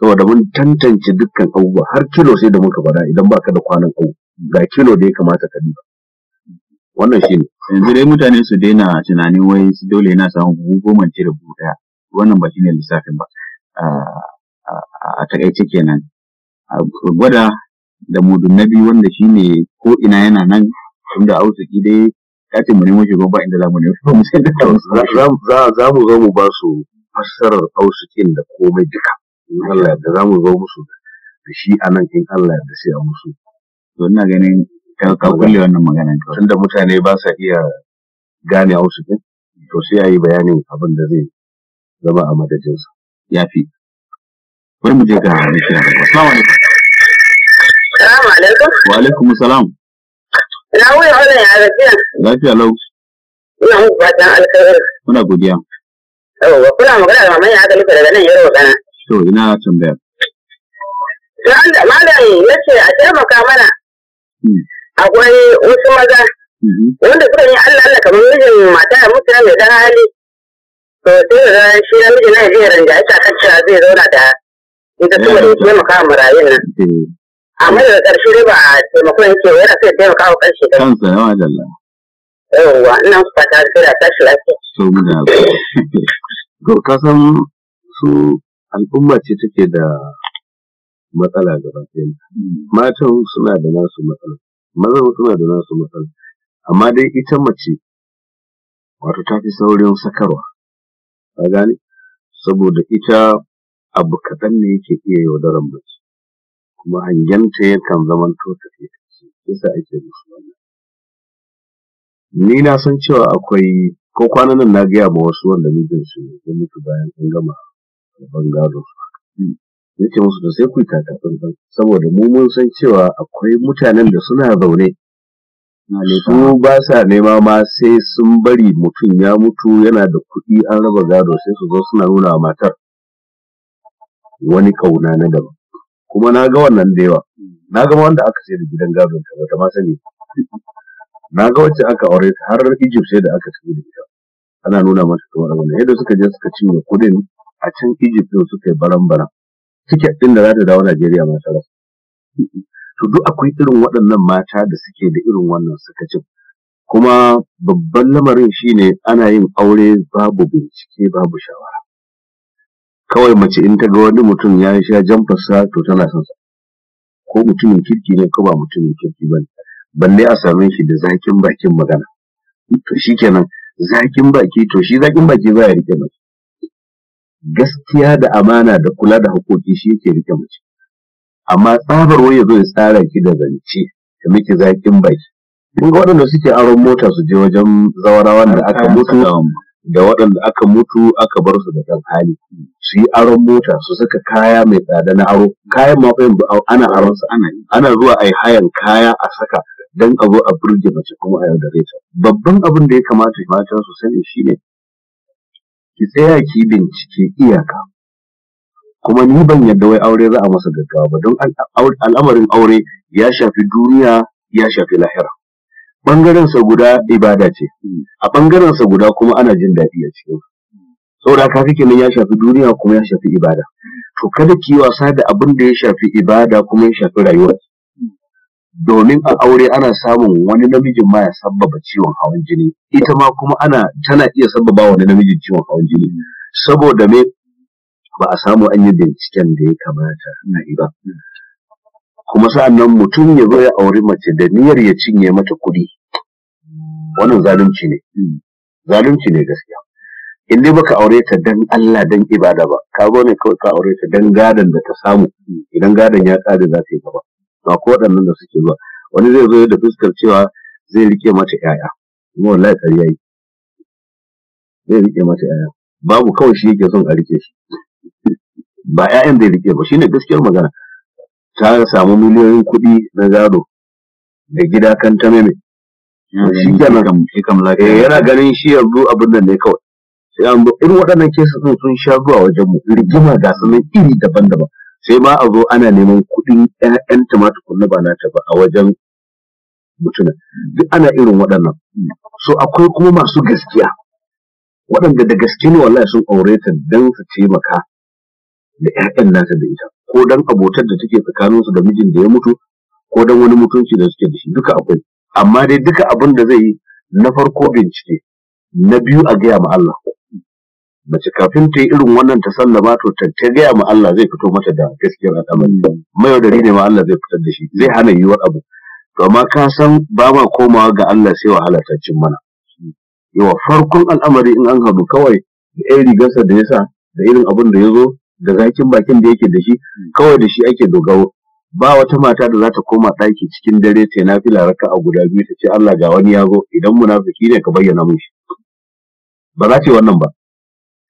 saboda mun tantance dukkan abubuwa har kilo sai da muka faɗa idan baka da kwanan abu ga kilo da ya kamata ka ba. wannan shi ne yanzu dai mutane su daina tunanin wai su dole yana samun buhu goma ce da buhu ɗaya wannan ba shi ne lissafin ba a takaice kenan gwada da mudun na biyu wanda shi ne ko ina yana nan inda auziki dai ya ce mu nemo shugaban ba inda za mu ne. za mu zo mu ba su fassarar auzikin da komai duka in Allah da za mu zo musu da shi a nan in Allah da sai a musu to ina ganin ka ka kulle wannan maganan kawai tunda mutane ba sa iya gane hausa din to sai a yi bayanin abin da zai zama a madadinsa ya fi bari mu je ga wani kira da assalamu alaikum assalamu alaikum wa alaikum salam na wuya wannan ya lafiya lafiya lau ina muku fatan alkhairi muna godiya yawwa kula magana da mamman ya haka muku daga nan yaro kana to ina tambaya malam yace a taimaka mana hmm. akwai wasu maza mhm. wanda suka yi Allah Allah kamar mijin mata ya mutu mai dan hali to sai da shi na mijin na zai ranga ita kan cewa zai zauna da ita su wani taimaka wa na. A eh. amma da karshe dai ba a taimakon yake yana sai taimaka wa ƙarshe da kansa yawa jalla yawwa ina fata sai da tashi lafiya so mu da to kasan su al'umma ce take da matsala gaba ɗaya hmm. matan suna da nasu matsala maza suna da nasu matsala amma dai ita mace wato ta fi saurin sakarwa a gani saboda ita abu kaɗan ne yake iya yaudaran mace kuma hangenta yakan zaman to tafiye isa ake musu wannan ni na san cewa akwai ko kwanan na gaya ma wasu wanda mijinsu ya mutu bayan an gama su gado yace musu da, sai ku taka tsantsan saboda mu mun san cewa akwai mutanen da suna zaune su ba sa nema ma sai sun bari mutum ya mutu yana da kuɗi an raba gado sai su zo suna nuna wa matar wani kauna na daban kuma na ga wannan da yawa na ga wanda aka sai da gidan gadon ta bata ma sani na ga wacce aka aure ta har Egypt sai da aka tafi da ita ana nuna mata kamar wannan yadda suka je suka cinye kuɗin a can Egypt din suka yi baran-baran tiket ɗin da za ta dawo Najeriya ma ta rasa. To duk akwai irin waɗannan mata da suke da irin wannan suka sakacin. Kuma babban lamarin shi ne ana yin aure babu bincike babu shawara. Kawai mace in ta ga wani mutum ya sha jamfarsa to tana son sa. Ko mutumin kirki ne ko ba mutumin kirki ba ne. Balle a same shi da zakin bakin magana. To kenan zakin baki to shi zakin baki za ya rike mace. gaskiya da amana da kula da haƙoƙi shi yake rike mace amma tsabar wani zo ya tsara ki da zance ta miki zakin baki kun ga waɗanda suke aron mota su je wajen zawarawa, da aka mutu da waɗanda aka mutu aka bar su da ɗan hali su yi aron mota su saka kaya mai tsada na aro kayan ma fahimta ana aron su ana ana zuwa a hayan kaya a saka dan a zo a burge mace kuma a yaudare ta babban abin da ya kamata mata su sani shine ki tsaya ki bincike iyaka kuma ni ban yadda wai aure za a masa gaggawa ba don al'amarin aure ya shafi duniya ya shafi lahira bangaren sa guda ibada ce a bangaren sa guda kuma ana jin daɗi a cikin saboda ka fi nan ya shafi duniya kuma ya shafi ibada to kada ki wasa da abin da ya shafi ibada kuma ya shafi rayuwa. domin a aure ana samun wani namijin ma ya sabbaba ciwon hawan jini ita ma kuma ana tana iya sabbaba wani namijin ciwon hawan jini saboda me ba a samu an yi binciken da ya kamata na ba kuma sa'annan mutum ya zo ya auri mace da niyyar ya cinye mata kuɗi wannan zalunci ne zalunci ne gaskiya in dai baka aure ta dan Allah dan ibada ba ka zo ne kawai ka aure ta dan gadon da ta samu idan gadon ya kare za ta yi gaba ga ko waɗannan da suke zuwa wani zai zo da fuskar cewa zai rike mata ƴaƴa kuma wallahi ƙarya yi zai rike mata ƴaƴa babu kawai shi yake son a rike shi ba ƴaƴan zai rike ba shine gaskiyar magana ta samu miliyoyin kuɗi na gado da gida kan ta meme shi eh, yana ganin shi yanzu abin nan ne kawai sai an irin waɗannan kesa sun sha zuwa wajen mu rigima ga sunan iri daban-daban sai ma a zo ana neman kuɗin yayan ma kunna ba nata ba a wajen mutuna duk ana irin waɗannan so akwai kuma masu gaskiya waɗanda da gaske ne wallahi sun aure ta don su taimaka da 'ya'yan nata da ita ko don abotar da take tsakaninsu da mijin da ya mutu ko don wani mutunci da suke da shi duka akwai amma dai duka abin da zai yi na farko bincike na biyu a gaya ma Allah mace kafin ta yi irin wannan ta sallama to ta gaya ma Allah zai fito mata da gaskiyar al'amari hmm. mayaudari ne ma Allah zai fitar da shi zai hana yiwuwar abu to amma ka san ba ma komawa ga Allah sai wahala ta cin mana yawa farkon al'amari in an haɗu kawai da ɗan rigarsa da ya sa da irin abin da ya zo da zakin bakin da yake da shi hmm. kawai da shi ake dogaro ba wata mata da za ta koma ɗaki cikin dare ta na fila raka a guda biyu ta ce Allah ga wani ya zo idan munafiki ne ka bayyana mun shi ba za ta yi wannan ba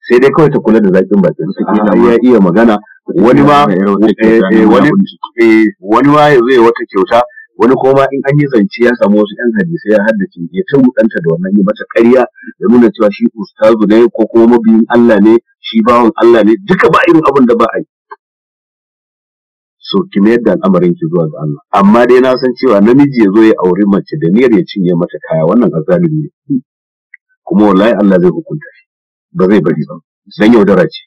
sai dai kawai ta kula da zakin bakin su kila ya iya magana wani ma wani ma eh, eh, eh, ya zai wata kyauta wani kuma in an yi zance ya samu wasu yan hadisai ya haddace ya ta rudanta da wannan yi mata ƙarya ya nuna cewa shi ustazu ne ko kuma mabiyin Allah ne shi bawan Allah ne duka ba irin abin da ba a yi so ki mayar da al'amarin ki zuwa ga Allah amma dai na san cewa namiji ya zo ya auri mace da niyyar ya cinye mata kaya wannan azalimi ne kuma wallahi Allah zai hukunta shi ba zai bari ba don yaudara ce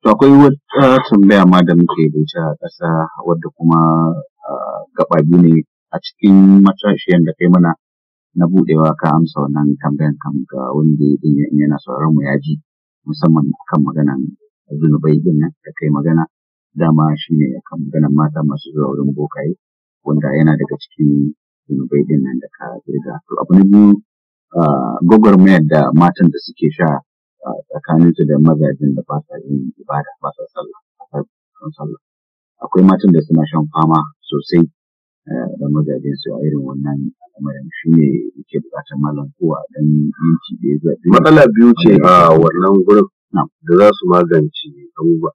to akwai wata tambaya ma da muke da a ƙasa wadda kuma gaba ne a cikin matashiyar da kai mana na budewa ka amsa wannan tambayan kan ga wanda yana sauraron mu yaji musamman kan maganan zunubai din nan da kai magana dama shine kan maganan mata masu zuwa wurin bokaye wanda yana daga cikin zunubai din nan da ka girga to abu na biyu gwagwarmayar da matan da suke sha tsakaninsu da mazajen da ba sa yin ibada ba sa sallah ba sallah akwai matan da suna shan fama sosai da mazajen su a irin wannan al'amarin shi ne yake bukatar malam kowa dan yanci da ya zaɓi matsala biyu ce a wannan gurin da za su magance abubuwa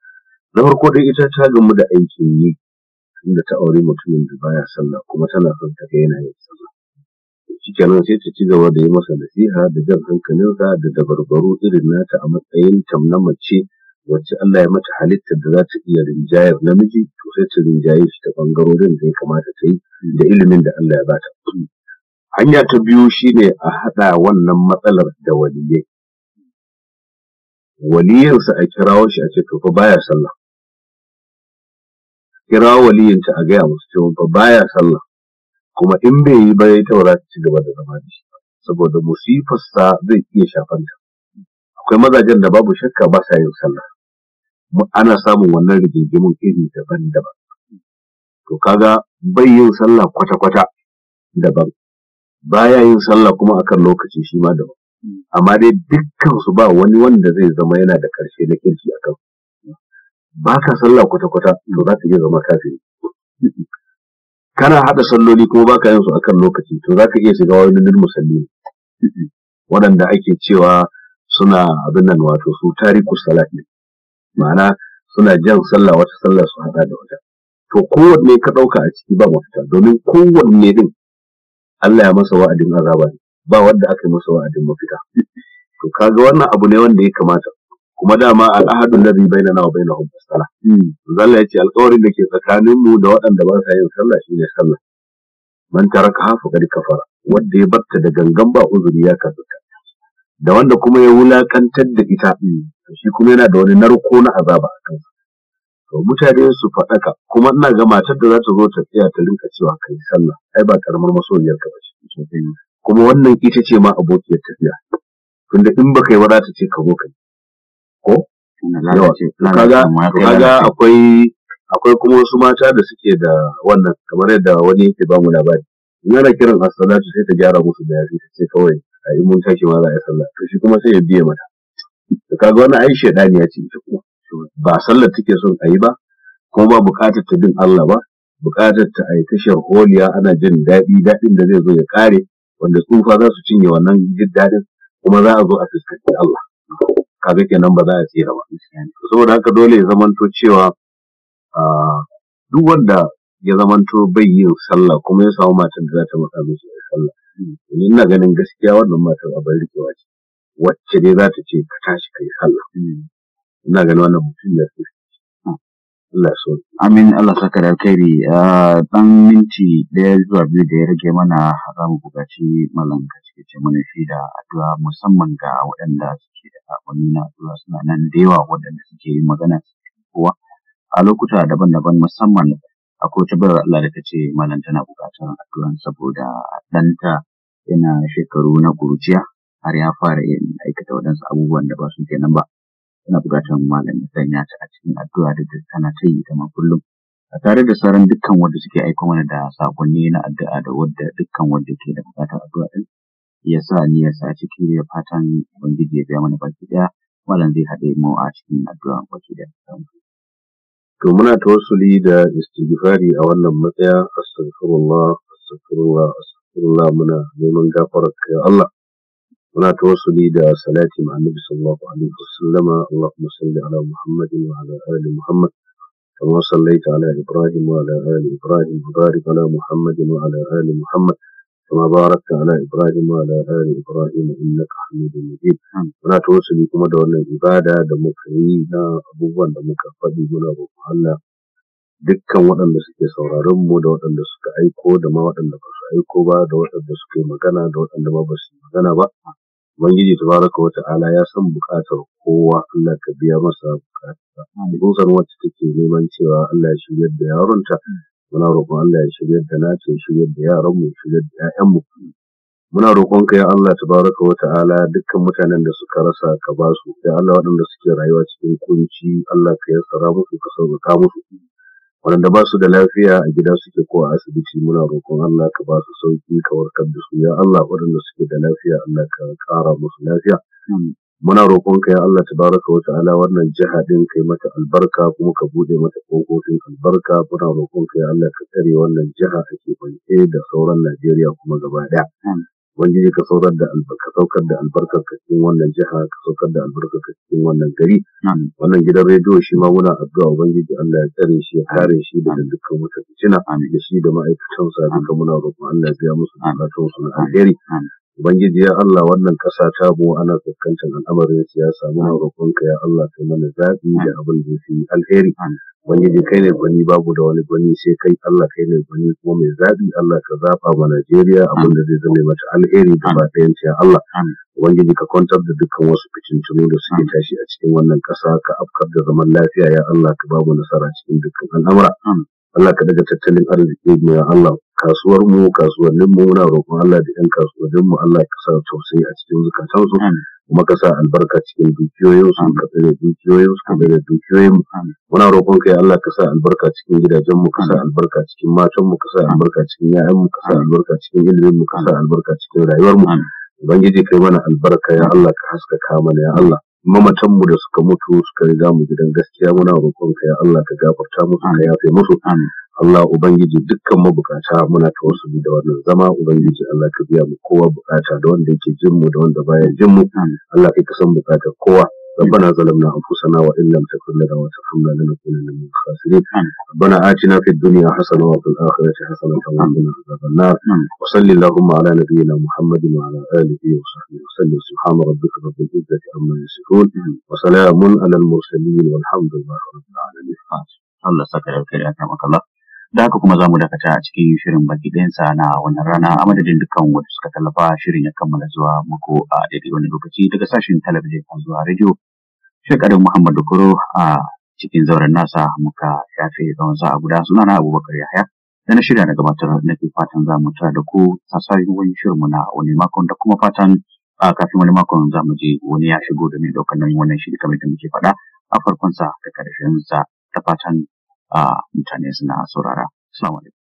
na farko dai ita ta gamu da aikin yi tunda ta aure mutumin da baya sallah kuma tana son ta ga yana yin sallah shikenan sai ta ci gaba da yi masa nasiha da jan hankalinsa da dabarbaru irin nata a matsayin tamna mace wacce Allah ya mata halittar da za ta iya rinjayar namiji to sai ta rinjaye shi ta bangarorin da ya kamata ta yi da ilimin da Allah ya ba ta Hanya ta biyu shine a haɗa wannan matsalar da waliyai. Waliyansa a kirawo shi a ce to fa baya sallah. Kira waliyinta a gaya musu cewa fa baya sallah. kuma in bai yi ba ita taura ci gaba da zama da shi saboda sa zai iya shafan ta akwai mazajen da babu shakka ba sa yin sallah ana samun wannan rigingimin iri daban-daban to kaga bai yin sallah kwata-kwata daban baya yin sallah kuma akan lokaci shi ma daban amma dai dukkan su ba wani wanda zai zama yana da karshe na kirki akan ba ka sallah kwata-kwata to za ka iya zama kafiri kana haɗa salloli kuma baka yin su akan lokaci to zaka iya shiga wani musalli waɗanda ake cewa suna abin nan wato su tariku salati ma'ana suna jan sallah wata sallah su hada da wata to kowanne ka ɗauka a ciki ba mafita domin kowanne din Allah ya masa wa'adin azaba ne ba wanda aka masa wa'adin mafita to kaga wannan abu ne wanda ya kamata kuma dama al'ahadu ladhi bainana wa bainahum as-salah hmm. zalla yace alƙawarin da ke tsakanin mu da waɗanda ba sa yin sallah shine sallah man taraka hafa gadi kafara wanda ya batta da gangan ba uzuri ya kafirta da wanda kuma ya wulakantar da ita shi kuma yana da wani narko na azaba a kansa to mutane su faɗaka kuma ina ga matar da za ta zo ta tsaya ta rinka cewa kai sallah ai ba karamar masoyiyar ka bace hmm. kuma wannan ita ce ma abokiyar tafiya tunda in baka yi ba ce ka zo kai ko kaga akwai akwai kuma wasu mata da suke da wannan kamar yadda wani yake bamu labari in ana kiran assalatu sai ta gyara musu da yafi sai kawai a yi mun tashi ma za a yi sallah to shi kuma sai ya biye mata to kaga wani ai shedani ya ce ita kuma ba sallar take son a yi ba kuma ba bukatar ta bin Allah ba bukatar ta a yi tashar holiya ana jin daɗi daɗin da zai zo ya kare wanda tsufa za su cinye wannan jin daɗin kuma za a zo a fuskanci Allah kaga kenan ba za a tsira ba saboda haka dole ya zamanto cewa duk wanda ya zamanto bai yin sallah kuma ya samu matar da za ta maka mishi ya sallah ina ganin gaskiya wannan matar abin rikewa ce wacce dai za ta ce ka tashi ka yi sallah ina ganin wannan mutum ya fi Allah so amin Allah saka da alkhairi dan minti daya zuwa biyu da ya rage mana za mu buƙaci malam ka cike mana shi da addu'a musamman ga waɗanda ce da saƙonni na addu'a suna nan da yawa waɗanda suke yin magana kowa a lokuta daban-daban musamman akwai wata bar Allah da ta ce malam tana buƙatar addu'a saboda ɗanta yana shekaru na ƙuruciya har ya fara yin aikata waɗansu abubuwan da ba su kenan ba tana buƙatar malam ya sanya ta a cikin addu'a da tana ta yi kamar kullum a tare da sauran dukkan wanda suke aiko mana da sakonni na addu'a da wadda dukkan wanda ke da buƙatar addu'a din ya sa ya sa ciki da fatan ubangiji ya biya mana baki daya malam zai haɗe mu a cikin addu'a baki daya to muna tawassuli da istighfari a wannan matsaya astaghfirullah astaghfirullah astaghfirullah muna neman gafarar kai Allah muna tawassuli da salati ma annabi sallallahu alaihi wasallama Allahumma salli ala Muhammadin wa ala ali Muhammad Ibrahim wa ala ali Ibrahim wa barik ala Muhammad wa ala ali Muhammad. كما باركت على ابراهيم وعلى ال ابراهيم انك حميد مجيد muna tawassuli kuma da wannan ibada da muka yi na abubuwan da muka faɗi muna roƙon Allah dukkan waɗanda suke sauraron mu da waɗanda suka aiko da ma waɗanda ba su aiko ba da waɗanda suke magana da waɗanda basu ba su magana ba Ubangiji tabaraka wa ta'ala ya san buƙatar kowa Allah ka biya masa buƙatarsa. Mun san wacce take neman cewa Allah ya yadda da yaronta muna roƙon Allah ya shirya da nace shirya da yaran mu da ƴaƴan mu muna roƙon ka ya Allah tabaraka wa ta'ala dukkan mutanen da suka rasa ka ba su ya Allah waɗanda suke rayuwa cikin kunci Allah ka yassara musu ka sauƙaƙa musu waɗanda ba su da lafiya a gida suke ko a asibiti muna roƙon Allah ka ba su sauƙi ka warkar da su ya Allah waɗanda suke da lafiya Allah ka ƙara musu lafiya muna roƙonka ya Allah tabaraka wa ta'ala wannan jiha din kai mata albarka kuma ka bude mata kofofin albarka muna roƙonka ya Allah ka tsare wannan jiha a keɓance da sauran Najeriya kuma gaba ɗaya. Ubangiji ka saukar da albarka saukar da albarkar ka cikin wannan jiha ka saukar da albarkar ka cikin wannan gari wannan gidan rediyo shi ma muna addu'a ubangiji Allah ya tsare shi ya kare shi daga dukkan wata fitina da shi da ma'aikatan sa duka muna roƙon Allah ya biya musu bukatun su na alheri Ubangiji ya Allah wannan kasa ta bu ana fuskantar al'amarin siyasa muna roƙonka ya Allah kai mana zaɓi da abin da fi alheri. Ubangiji kai ne gwani babu da wani gwani sai kai Allah kai ne gwani kuma mai zaɓi Allah ka zaɓa ma Najeriya abin da zai zama mata alheri da ba ɗayan ya Allah. Ubangiji ka kwantar da dukkan wasu fitintunu da suke tashi a cikin wannan kasa ka afkar da zaman lafiya ya Allah ka babu nasara cikin dukkan al'amura. Allah ka daga tattalin arziki ya Allah kasuwar mu kasuwannin mu muna roƙon Allah da yan kasuwannin mu Allah ka sa tausayi a cikin zukatan su kuma ka sa albarka cikin dukiyoyin su ka tsare dukiyoyin su ka tsare dukiyoyin mu muna roƙon kai Allah ka sa albarka cikin gidajen mu ka sa albarka cikin matan mu ka sa albarka cikin 'ya'yan mu ka sa albarka cikin ilimin mu ka sa albarka cikin rayuwar mu ubangiji kai mana albarka ya Allah ka haskaka mana ya Allah mamatan mu da suka mutu suka riga mu gidan gaskiya muna roƙon ka ya Allah ka gafarta musu ka yafe musu Allah Ubangiji dukkan mabukata muna tawassuli da wannan zama Ubangiji Allah ka biya mu kowa bukata da wanda yake jin mu da wanda baya jin mu Allah kai ka san bukatar kowa ربنا ظلمنا انفسنا وان لم تغفر لنا وترحمنا لنكونن من الخاسرين ربنا اتنا في الدنيا حسنه وفي الاخره حسنه وقنا عذاب النار وصل اللهم على نبينا محمد وعلى اله وصحبه وسلم سبحان ربك رب العزه عما يصفون وسلام على المرسلين والحمد لله رب العالمين الله سكر الكريم كما da haka kuma za mu dakata a cikin shirin baki ɗayansa na wannan rana a madadin dukkan wanda suka tallafa shirin ya kammala zuwa muku a daidai wani lokaci daga sashen talabijin zuwa rediyo shekarun muhammad kuro a cikin zauren nasa muka shafe tsawon sa'a guda suna na abubakar yahaya da na shirya na gabatar na ke fatan za mu tara da ku a shirin mu na wani makon da kuma fatan a kafin wani makon za mu je wani ya shigo domin ɗaukar nan wannan shiri kamar da muke faɗa a farkonsa da sa da fatan Ah, mutane suna saurara. Assalamu alaikum.